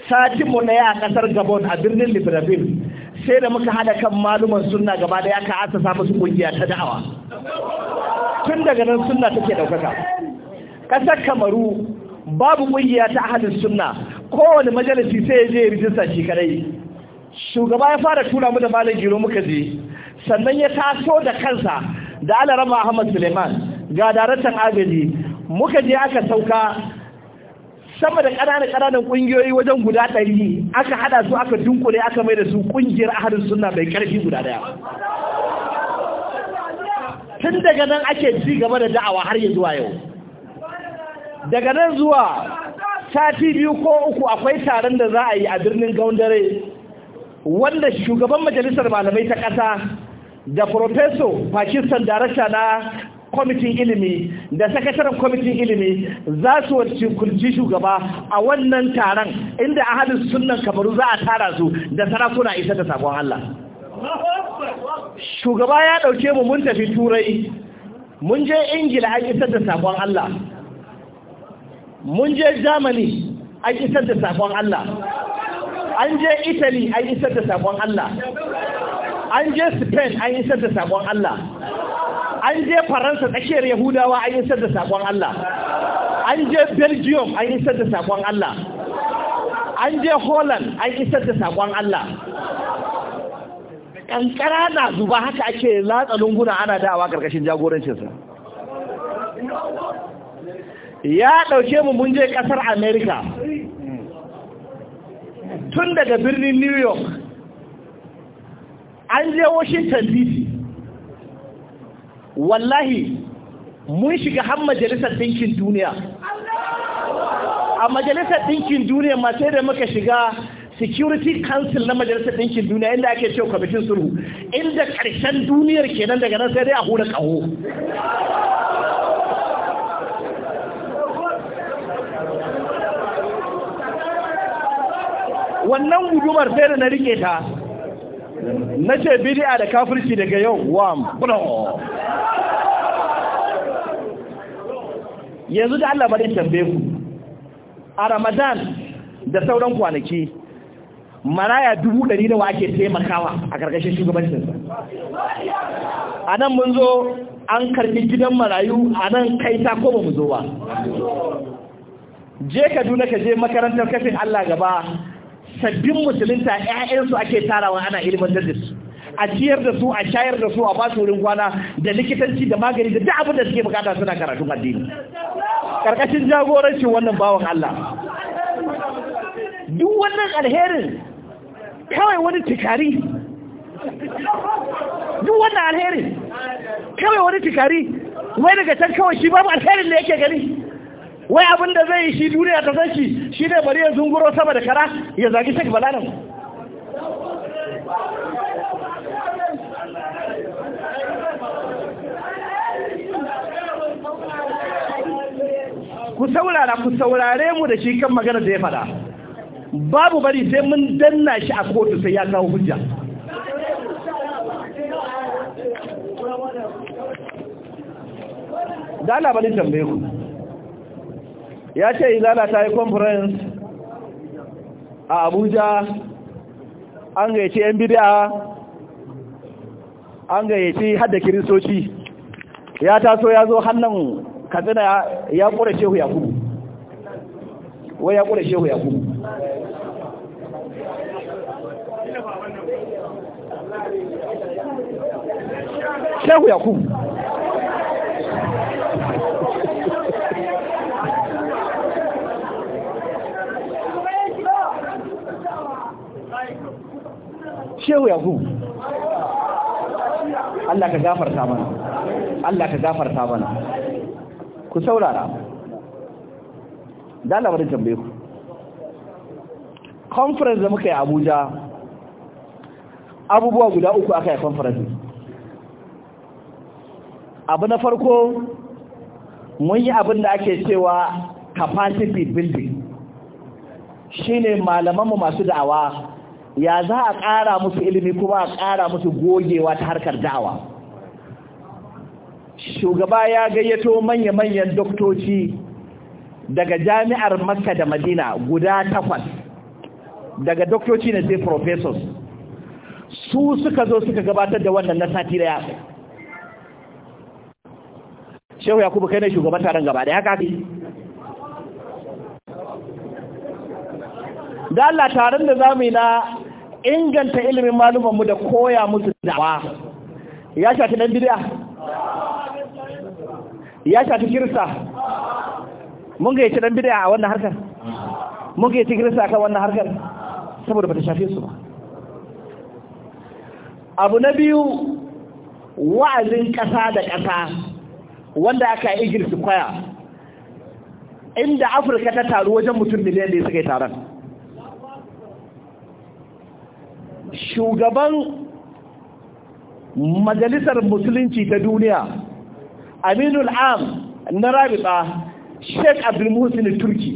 satinmu ɗaya a ƙasar gabon a birnin libreville sai da muka hada kan maluman sunna gaba da ya ka asasa musu kungiya ta da'awa tun daga nan sunna take daukaka kasar kamaru babu kungiya ta ahadin sunna kowane majalisi sai ya je ya rijista shi kadai shugaba ya fara tura mu da malam giro muka je sannan ya taso da kansa da alarama ahmad suleiman ga daraktan agaji muka je aka sauka sama da ƙananan ƙananan ƙungiyoyi wajen guda ɗari aka haɗa su aka dunkule aka mai da su ƙungiyar ahadin suna mai ƙarfi guda ɗaya tun daga nan ake ci gaba da da'awa har yi zuwa yau daga nan zuwa sati biyu ko uku akwai taron da za a yi a birnin gaundare wanda shugaban majalisar malamai ta ƙasa da profeso pakistan darakta na kwamitin ilimi da sakataren kwamitin ilimi za su wacce kurji shugaba a wannan taron inda ahalin sunan kamaru za a tara su da sarakuna isa da sabon Allah shugaba ya ɗauke mu mun tafi turai mun je ingila an isar da sabon Allah mun je germany an isar da sabon Allah an je italy an isar da sabon Allah an je spain an isar da sabon Allah an je faransa tsakiyar yahudawa an yi da sakon Allah an je belgium an yi da sakon Allah an je holland an yi da sakon Allah ƙanƙara na zuba haka ake latsa lunguna ana dawa ƙarƙashin jagorancinsa ya ɗauke mu mun je ƙasar america tun daga birnin new york an je washington dc wallahi mun shiga har majalisar ɗinkin duniya a majalisar ɗinkin duniya ma sai da muka shiga security council na majalisar ɗinkin duniya inda ake cewa kwamitin sulhu inda ƙarshen duniyar kenan daga nan sai dai a hura ƙaho wannan gudumar sai da na rike ta na ce bidi'a da kafirci daga yau wam yanzu da Allah bari tambaye ku a Ramadan da sauran kwanaki maraya dubu ɗari da ake taimakawa a ƙarƙashin shugabancin a nan mun zo an karbi gidan marayu anan nan kai ta ko mu zo ba je kaduna ka je makarantar kafin Allah gaba sabbin musulunta 'ya'yansu ake tarawa ana ilimin da su a ciyar da su a shayar da su a ba su wurin kwana da likitanci da magani da duk abin da suke bukata suna karatun addini karkashin jagorancin wannan bawan Allah duk wannan alherin kawai wani tikari duk wannan alherin kawai wani tikari wai daga can kawai shi babu alherin da yake gani wai abin da zai yi shi duniya ta san shi shi ne bari ya zunguro sama da kara ya zagi shek balanin ku saurara ku saurare mu da shi kan magana da ya faɗa babu bari sai mun danna shi a kotu sai ya kawo hujja da labarin tambaye ku ya ce izala ta yi conference a abuja an gayyaci yan bidiya an gayyaci hadda kiristoci ya taso ya zo hannun katsina ya kura shehu ya kudu wai ya kura shehu ya kudu shehu ya kudu shehu ya kudu Allah ka gafarta mana Allah ka gafarta mana ku saurara da labarin tambaye ku conference da muka yi abuja abubuwa guda uku aka yi conference abu na farko mun yi abin da ake cewa capacity building shine malamanmu masu da'awa ya za a ƙara musu ilimi kuma a ƙara musu gogewa ta harkar da'awa shugaba ya gayyato manya-manyan doktoci daga jami'ar makka da madina guda takwas daga doktoci na sai professors su suka zo suka gabatar da wannan na sati daya shehu yakubu kai ne shugaban taron gaba haka kafi da Allah taron da zamu na inganta ilimin malumanmu da koya musu da'awa ya shafi nan bid'a ya shafi kirista mun yace dan bid'a a wannan harkar mun yace kirista kan wannan harkar saboda bata shafe su ba abu na biyu wa'azin ƙasa da kasa wanda aka yi igirsi kwaya inda afirka ta taru wajen mutum miliyan da suka yi taron shugaban majalisar musulunci ta duniya aminul am na rabita sheik abdulmusin turki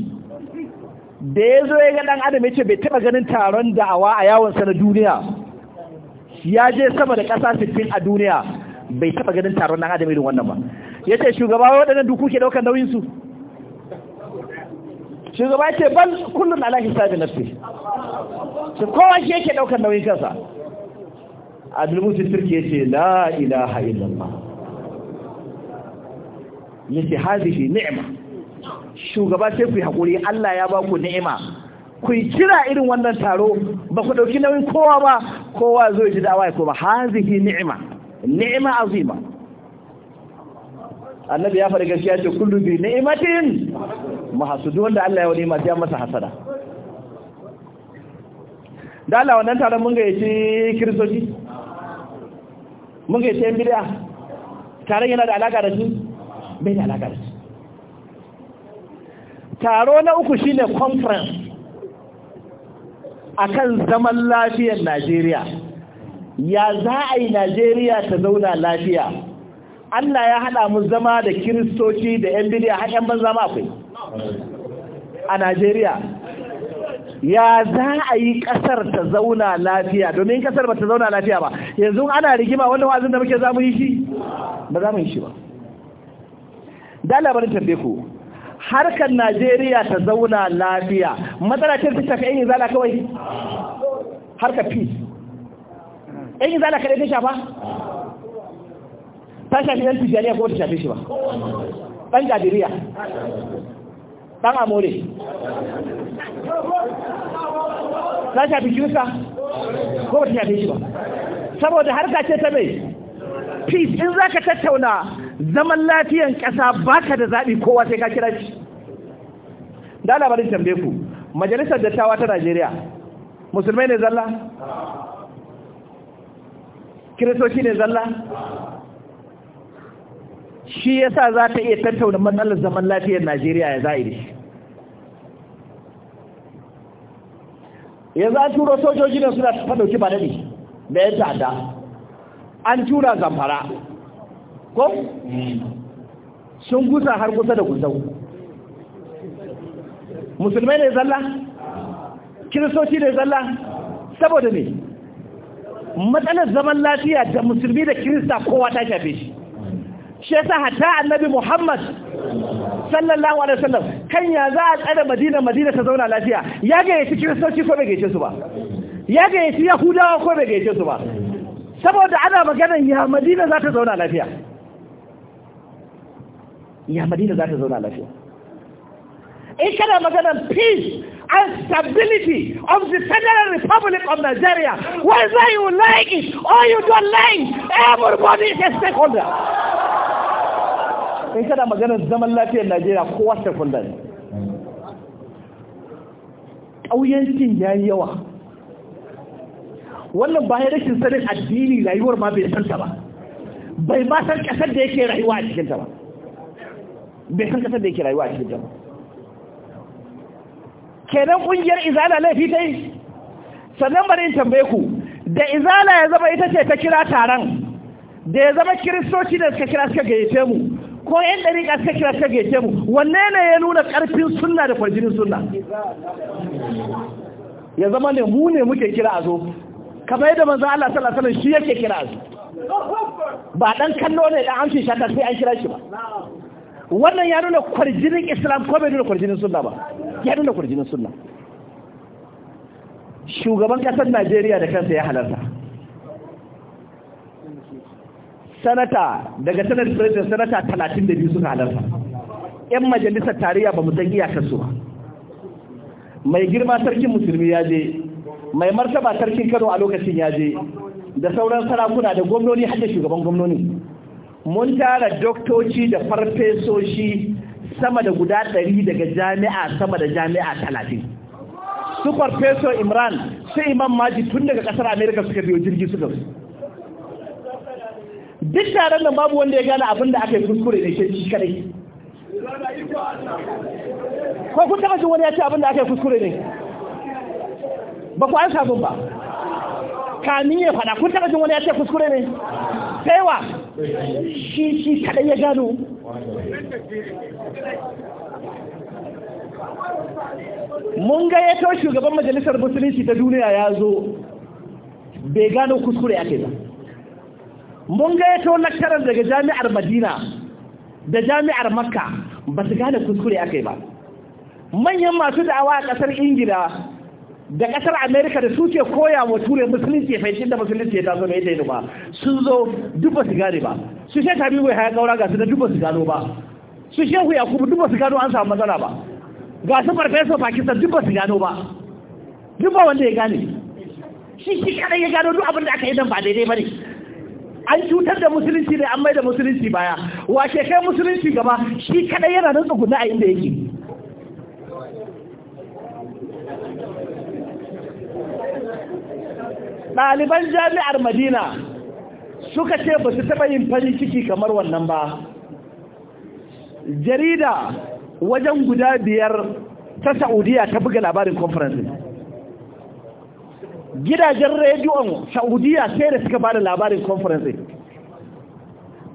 da ya zo ya ga ɗan adam ya ce bai taɓa ganin taron da'awa a yawonsa na duniya ya je sama da ƙasa sittin a duniya bai taɓa ganin taron ɗan adam irin wannan ba ya ce shugaba waɗannan duk kuke ɗaukar nauyinsu shugaba ya ce ban kullum alahi sabi nafsi su kowa shi yake ɗaukar nauyin kansa abdulmusin turki ya ce la ilaha illallah yace hadhihi ni'ma shugaba sai ku hakuri Allah ya baku ni'ima ku kira irin wannan taro ba ku dauki nauyin kowa ba kowa zo ji dawa ko ba hadhihi ni'ma ni'ma azima annabi ya fara gaskiya ce kullu bi ni'matin mahasudu wanda Allah ya wani ma ya masa hasada Allah wannan taron mun gayyaci kiristoci mun ga yan bid'a taron yana da alaka da shi bai taro na uku shine conference akan zaman lafiyar Najeriya ya za a yi Najeriya ta zauna lafiya Allah ya haɗa mu zama da kiristoci da 'yan bidiya har ban banza ma akwai a Najeriya ya za a yi ƙasar ta zauna lafiya domin ƙasar ba ta zauna lafiya ba yanzu ana rigima wanda wazin da muke za mu yi shi ba za mu yi shi ba da labarin tambaye ku harkar Najeriya ta zauna lafiya matsala ce ta shafi yin zala kawai harkar peace yin zala kaɗai ta shafa ta shafi yan tijjaniya ko ta shafi shi ba ɗan jadiriya ɗan amore ta shafi kyusa ko ta shafi shi ba saboda harka ce ta mai peace in za ka tattauna zaman lafiyan ƙasa baka da zaɓi kowa sai ka kira shi da labarin tambe ku majalisar dattawa ta najeriya musulmai ne zalla kiristoci ne zalla shi ya sa za ta iya tattauna matsalar zaman lafiyar najeriya ya za'iri yanzu an turo sojoji ne suna faɗauki ba ne, da ya ta'adda an tura zamfara ko mm. sun gusa har kusa da gusau musulmai ne zalla kiristoci ne zalla saboda ne matsalar zaman lafiya da musulmi da kirista kowa ta shafe shi shi sa hatta annabi muhammad sallallahu alaihi wasallam kan ya za a tsada madina madina ta zauna lafiya ya shi kiristoci ko bai gayyace su ba ya shi yahudawa ko bai gayyace su ba saboda ana maganar ya madina za ta zauna lafiya ya madina za ta zauna lafiya in kana maganar peace and stability of the Federal Republic of Nigeria, whether you like it or you don't like everybody is a stakeholder. In kana maganar zaman lafiyar nigeria kowa stakeholder ne. Ƙauyancin ya yi yawa. wannan bayan rashin sanin addini rayuwar ma bai san ta ba bai ma san kasar da yake rayuwa a cikin ta ba bai san kasar da yake rayuwa a cikin ta ba kenan kungiyar izala laifi ta yi sannan bari in tambaye ku da izala ya zama ita ce ta kira taron da ya zama kiristoci da suka kira suka gayyace mu ko yan dariƙa suka kira suka gayyace mu wanne ne ya nuna ƙarfin sunna da kwarjinin sunna ya zama ne mu ne muke kira a zo kama yadda manzo Allah sallallahu alaihi wasallam shi yake kira su. ba dan kallo ne dan amshi shaka sai an kira shi ba wannan ya nuna kwarjinin islam ko bai nuna kwarjinin sunna ba ya nuna kwarjinin sunna shugaban kasar Najeriya da kansa ya halarta sanata daga sanar president sanata 32 suka halarta yan majalisar tarayya ba mu san iyakar su ba mai girma sarkin musulmi ya je mai martaba sarkin Kano a lokacin ya je da sauran sarakuna da gwamnoni har da shugaban gwamnoni mun tara doktoci da farfesoshi sama da guda ɗari daga jami'a sama da jami'a talatin su farfeso imran su imam maji tun daga ƙasar amerika suka biyo jirgi suka su duk taron nan babu wanda ya gane abin da aka yi kuskure da shi kadai ko kun taɓa shi wani ya ce abin da aka yi kuskure ne ba ku amsa sabon ba kami ya faɗa kun taɓa jin wani ya ce kuskure ne sai wa shi shi kaɗai ya gano mun ga ya shugaban majalisar musulunci ta duniya ya zo bai gano kuskure ake ba mun ga ya daga jami'ar madina da jami'ar makka ba su gane kuskure ake ba manyan masu da'awa a ƙasar ingila da kasar Amerika da su ce koya wa ture musulunci ya fahimci da musulunci ya taso mai daidai ba sun zo duk ba su gane ba su shehu habibu ya kaura ga su da duk ba su gano ba su shehu yakubu duk ba su gano an samu matsala ba ga su farfesa pakistan duk ba su gano ba duk ba wanda ya gane shi shi kadai ya gano duk abin da aka yi dan ba daidai ba ne an cutar da musulunci ne an mai da musulunci baya wa shekai musulunci gaba shi kadai yana nan tsuguna a inda yake ɗaliban jami'ar madina suka ce ba su taɓa yin farin ciki kamar wannan ba jarida wajen guda biyar ta saudiya ta buga labarin conference gidajen rediyon saudiya sai da suka ba da labarin conference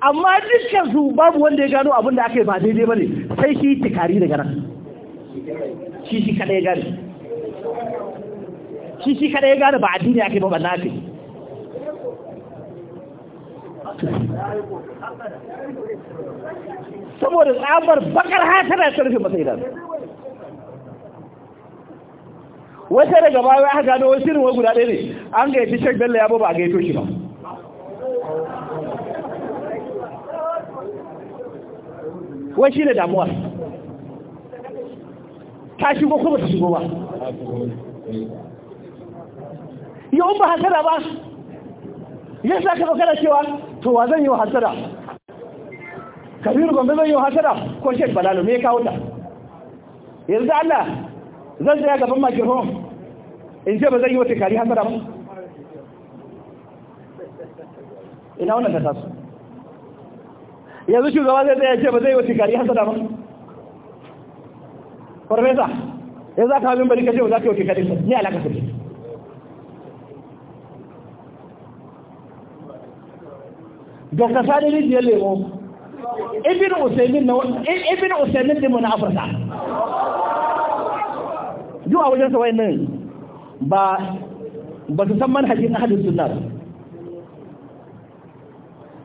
amma dukkan su babu wanda ya gano abinda aka yi ba daidai ba ne sai shi tikari daga nan shi shi kaɗai gani shi shi kada ya gane ba addini ake ba na ake saboda tsabar bakar hasara ta rufe masa idan wata daga bayan aka gano wasu irin wani guda ɗaya ne an ga yafi shek bello ya ba a gaito shi ba wai shi ne damuwa ta shigo kuma ba ta shigo ba yau ba hasada ba ya sa ka bakara cewa to wa zan yi wa hasada kabiru gombe zan yi wa hasada ko shek balalo me kawo ta yanzu Allah zan tsaya gaban makirhom in ce ba zan yi wata kari hasada ba ina wannan ta taso yanzu shugaba zai tsaya ce ba zai yi wata kari hasada ba farfesa ya za ka hannun bari ka ce ba za ka yi wata kari ne alaka su dr ni rijiyar lemo ibn usaimin na ibn ne din na afirka yau a wajen sawayin nan ba ba su san manhajin ahadin sunna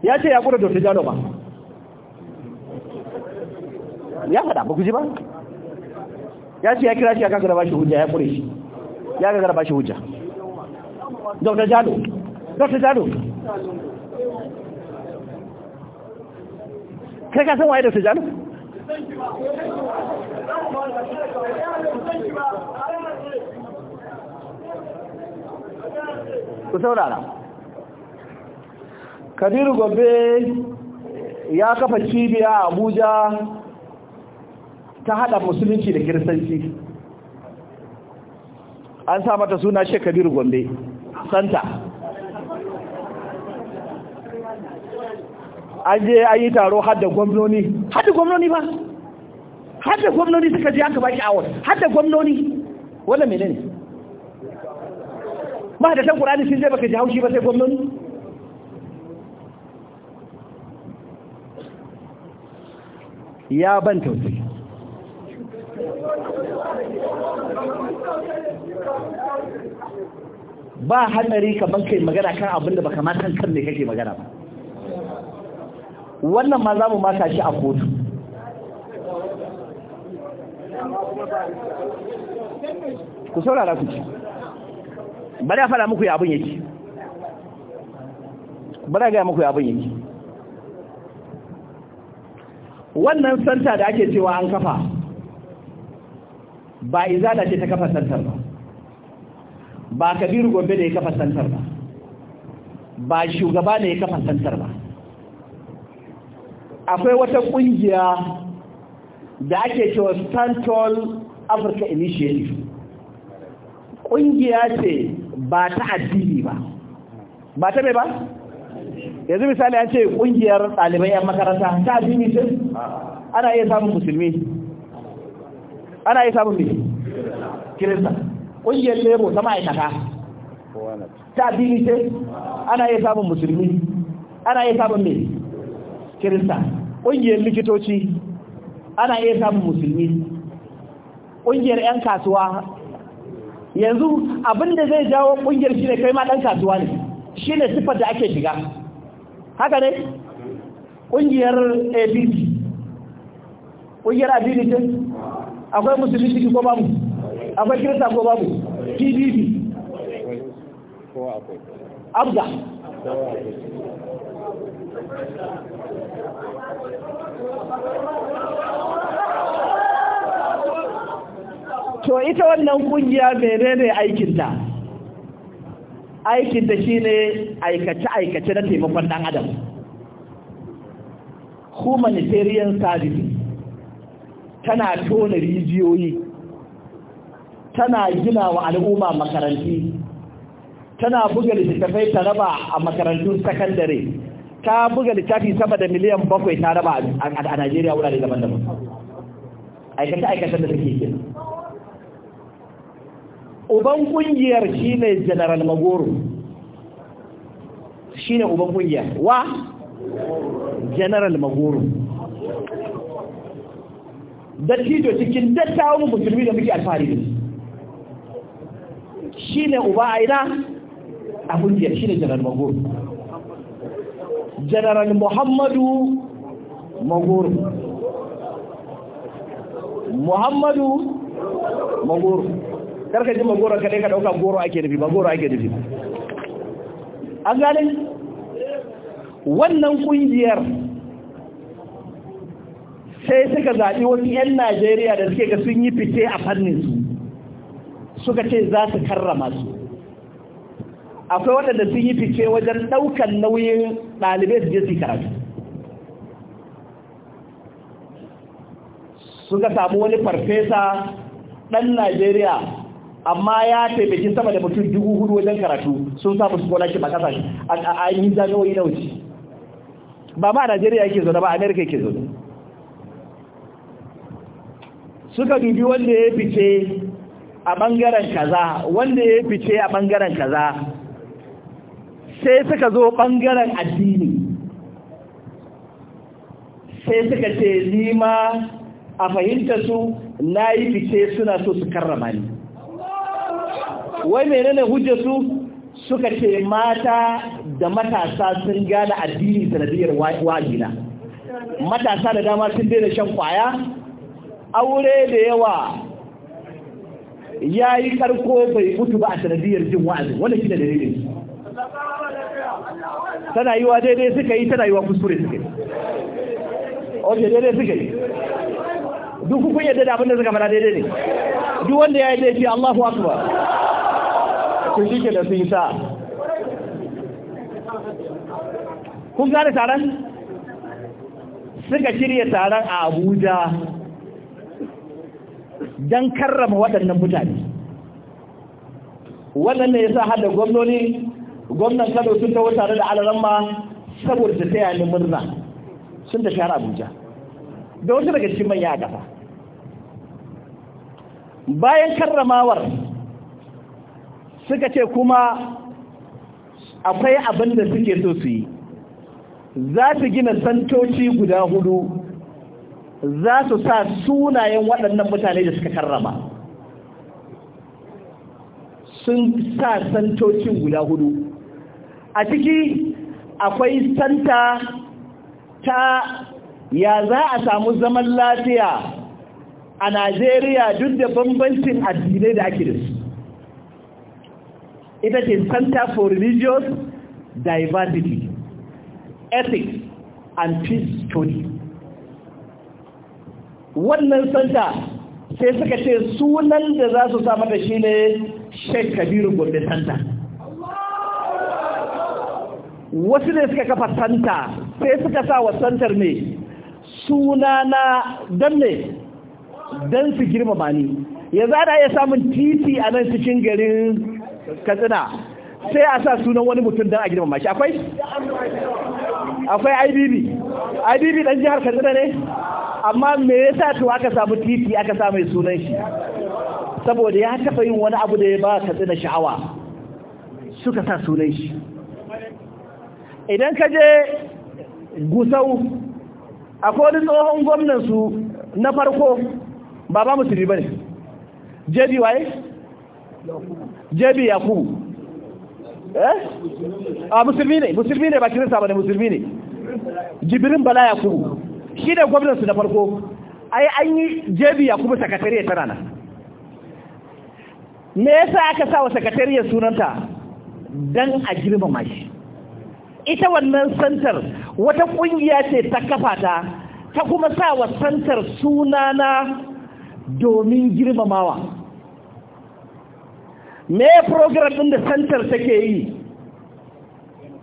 ya ce ya kura Dɔkta jalo ba ya faɗa ba ku ji ba ya ce ya kira shi ya kakar ba shi hujja ya kure shi ya kakar ba shi hujja dr jalo dr jalo kai ka san waye da tijani ku saurara kadiru gobe ya kafa cibiya a abuja ta hada musulunci da kiristanci an sa mata suna shekabiru gombe santa an je an yi taro hada gwamnoni hada gwamnoni ba hada gwamnoni suka je aka baki awon hada da gwamnoni wanda mene ba da san qur'ani sun je baka ji haushi ba sai gwamnoni ya ban tausayi ba hatsari kamar kai magana kan abinda ba baka ma kan kan ne kake magana ba wannan ma za mu maka shi a kotu ku saurara ku ci bari a fara muku ya abin yake bari a gaya muku ya abin yake wannan santa da ake cewa an kafa ba izala ce ta kafa santar ba ba kabiru gobe da ya kafa santar ba ba shugaba ne ya kafa santar ba akwai wata ƙungiya da ake cewa stand africa initiative ƙungiya ce ba ta addini ba ba ta mai ba yanzu misali an ce ƙungiyar ɗalibai 'yan makaranta ta addini ce ana iya samun musulmi ana iya samun mai kirista ƙungiyar lebo ta ma'aikata ta addini ce ana iya samun musulmi ana iya samun mai kirista ƙungiyar likitoci ana iya samun musulmi ƙungiyar 'yan kasuwa yanzu abinda zai jawo ƙungiyar shi ne kai ma ɗan kasuwa ne shi ne siffar da ake shiga haka ne ƙungiyar abd ƙungiyar abc akwai musulmi ciki ko babu akwai kirista ko babu pdp abda to ita wannan kungiya menene aikinta aikinta shine aikace-aikace na taimakon dan adam humanitarian service tana tona rijiyoyi tana gina wa al'umma makaranti tana buga littattafai ta raba a makarantun sakandare ta buga littafi sama da miliyan bakwai ta raba a Najeriya wurare daban-daban Aikata aikatar da suke ke uban kungiyar shine general magoro shine uban kungiyar wa general magoro tito cikin dattawan musulmi da muke alfahari da shine uba aina a kungiyar ne general magoro general muhammadu magoro muhammadu magoro karka ji magoro ka dai ka dauka goro ake nufi Maguru ake nufi an gane wannan kungiyar sai suka zaɓi wani 'yan najeriya da suke ga sun yi fice a fannin su suka ce za su karrama su akwai waɗanda sun yi fice wajen ɗaukan nauyin ɗalibai su je su karatu suka samu wani farfesa ɗan najeriya amma ya taimaki sama da mutum dubu hudu wajen karatu sun samu su kola shi ba kasa a yi jami'o'i na wuce ba ma najeriya yake da ba amerika yake zo suka dubi wanda ya fice a ɓangaren kaza wanda ya fice a ɓangaren kaza sai suka zo ɓangaren addini sai suka ce nima a fahimta su na yi fice suna so su karrama ni wai menene hujja su suka ce mata da matasa sun gane addini sanadiyar wajina matasa da dama sun daina shan kwaya aure da yawa ya yi karko bai mutu ba a sanadiyar jin wa'azin wanda shi da dalilin tana yi wa daidai suka yi tana yi wa kuskure suka yi oke daidai suka yi duk kun yadda da abinda suka fara daidai ne duk wanda ya yi laifi Allahu akbar kun shi ke da sun yi sa kun gane taron suka shirya taron a Abuja don karrama waɗannan mutane waɗannan ya sa hada gwamnoni gwamnan kano sun tawo tare da alaramma saboda ta taya ni murna sun tafi har abuja da wasu daga cikin manya a gaba bayan karramawar suka ce kuma akwai abin da suke so su yi za su gina santoci guda hudu za su sa sunayen waɗannan mutane da suka karrama sun sa santoci guda hudu a ciki akwai santa ta ya za a samu zaman lafiya a Najeriya duk da bambancin addinai da ake da ita ce center for religious diversity ethics and peace study wannan santa sai suka ce sunan da za su sa da shi ne Kabiru gobe santa wasu ne suka kafa santa sai suka sa wa santar ne suna na dan ne dan su girmama ni yanzu ana iya samun titi a nan cikin garin katsina sai a sa sunan wani mutum dan a girmama shi akwai akwai ibb ibb dan jihar katsina ne amma me yasa to aka samu titi aka sa mai sunan shi saboda ya taɓa yin wani abu da ya ba katsina sha'awa suka sa sunan shi idan ka je gusau a kodin tsohon gwamnansu na farko ba ba musu ba ne jebi waye? jebi yakubu eh? a musulmi ne musulmi ne ba kirista ba ne musulmi ne jibirin bala yakubu shi ne gwamnansu na farko ai an yi jebi yakubu sakatariya tana na. me yasa aka sa wa sakatariyar sunanta don a girmama shi ita wannan santar wata ƙungiya ce ta kafa ta ta kuma sa wa santar sunana domin girmamawa me program ɗin da santar take yi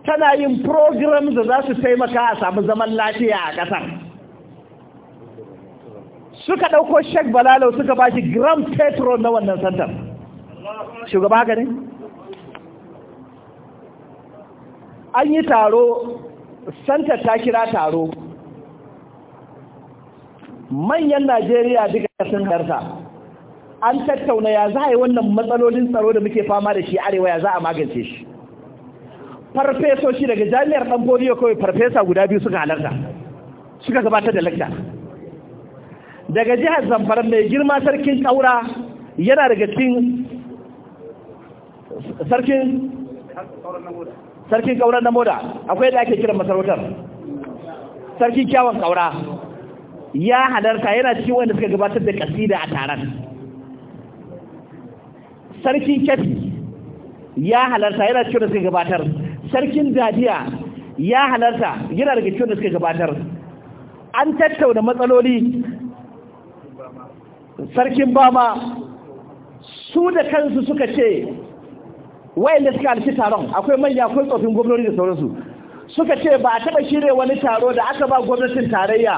tana yin program da za su taimaka a samu zaman lafiya a ƙasar suka ɗauko shek balalau suka ba shi gram petro na wannan santar shugaba gani an yi taro santa ta kira taro manyan najeriya duka sun harta an tattauna ya za a yi wannan matsalolin tsaro da muke fama da shi arewa ya za a magance shi farfesoshi daga jami'ar dan foliyo kawai farfesa guda biyu suka halarta suka gabatar da lakta daga jihar zamfara mai girma sarkin kaura yana daga cikin sarkin sarkin kaura na moda akwai da ake kiran masarautar sarkin kyawun kaura ya halarta yana cikin wanda suka gabatar da kasida a taron sarkin kyafi ya halarta yana cikin wanda suka gabatar sarkin dadiya ya halarta yana daga cikin wanda suka gabatar an tattauna matsaloli sarkin bama su da kansu suka ce wayanda suka halci taron akwai manya akwai tsofin gwamnati da sauransu suka ce ba a taɓa shirya wani taro da aka ba gwamnatin tarayya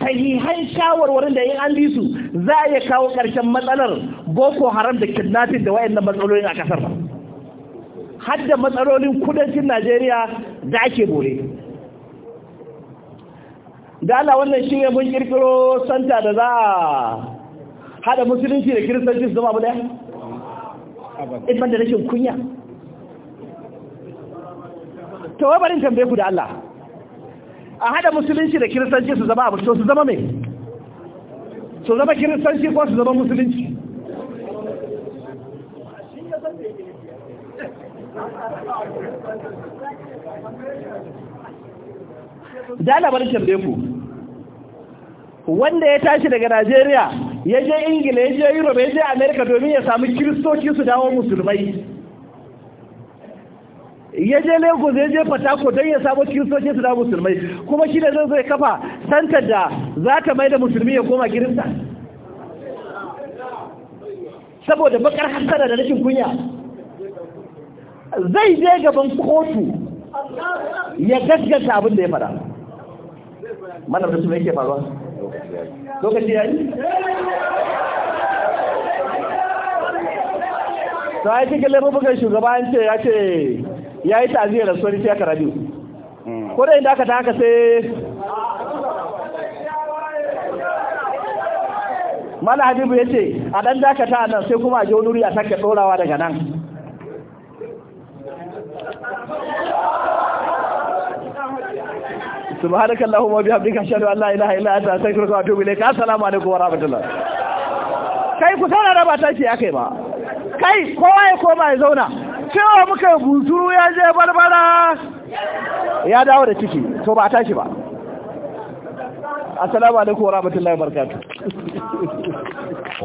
sahihan shawarwarin da in an bi su za a iya kawo ƙarshen matsalar boko haram da kidnapping da wayannan matsalolin a ƙasar har da matsalolin kudancin najeriya da ake bore da ala wannan shi ne mun kirkiro santa da za a haɗa musulunci da kiristanci su zama abu ɗaya in ban da rashin kunya to wai barin tambaye ku da Allah a hada musulunci da kiristanci su zama abu to su zama me su zama kiristanci ko su zama musulunci da labarin tambaye ku wanda ya tashi daga Najeriya ya je ingila ya je europe ya je america domin ya samu kiristoci su dawo musulmai ya je lagos ya je fatako don ya samu kiristoci su dawo musulmai kuma shi da zai zai kafa santar da za ta mai da musulmi ya koma girinsa, saboda bakar hasara da rashin kunya zai je gaban kotu ya gaskata abin da ya fara mana da su mai ke faruwa lokaci yayi lokaci yayi to ai cikin laifukan shugaba an ce ya ce ya yi ta'aziyar da sai aka rabi hmm. ko da inda aka ta haka sai mala habibu ya ce a dan dakata a nan sai kuma a jo nuri a sake ɗorawa daga nan subhanakallahumma wa bihamdika ashhadu an la ilaha illa kai kai kowa ya koma ya zauna cewa muka ya je barbara ya dawo da ciki to ba tashi ba assalamu alaikum wa rahmatullahi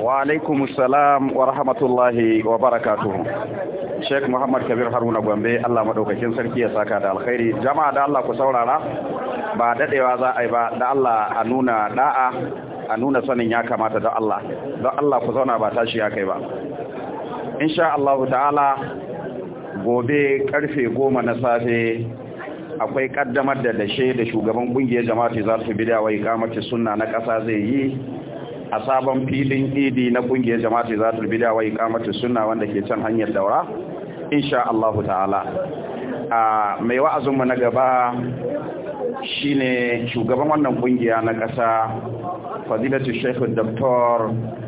alaikum salam wa rahmatullahi wa barakatu. Sheikh Muhammad Kabir Haruna Gombe Allah madaukakin sarki ya saka da alkhairi. Jama'a da Allah ku saurara ba dadewa za a yi ba da Allah a nuna da'a a nuna sanin ya kamata da Allah. Don Allah ku zauna ba tashi ya kai ba. Insha Allah ta'ala gobe karfe goma na safe akwai kaddamar da dashe da shugaban kungiyar jama'a za su bidawa kamata sunna na kasa zai yi a sabon filin idi na kungiyar jama'atu za ta bida wa ikamatu sunna wanda ke can hanyar daura insha Allah ta'ala a mai wa'azinmu na gaba shine shugaban wannan kungiya na ƙasa fadilatu shaikh dr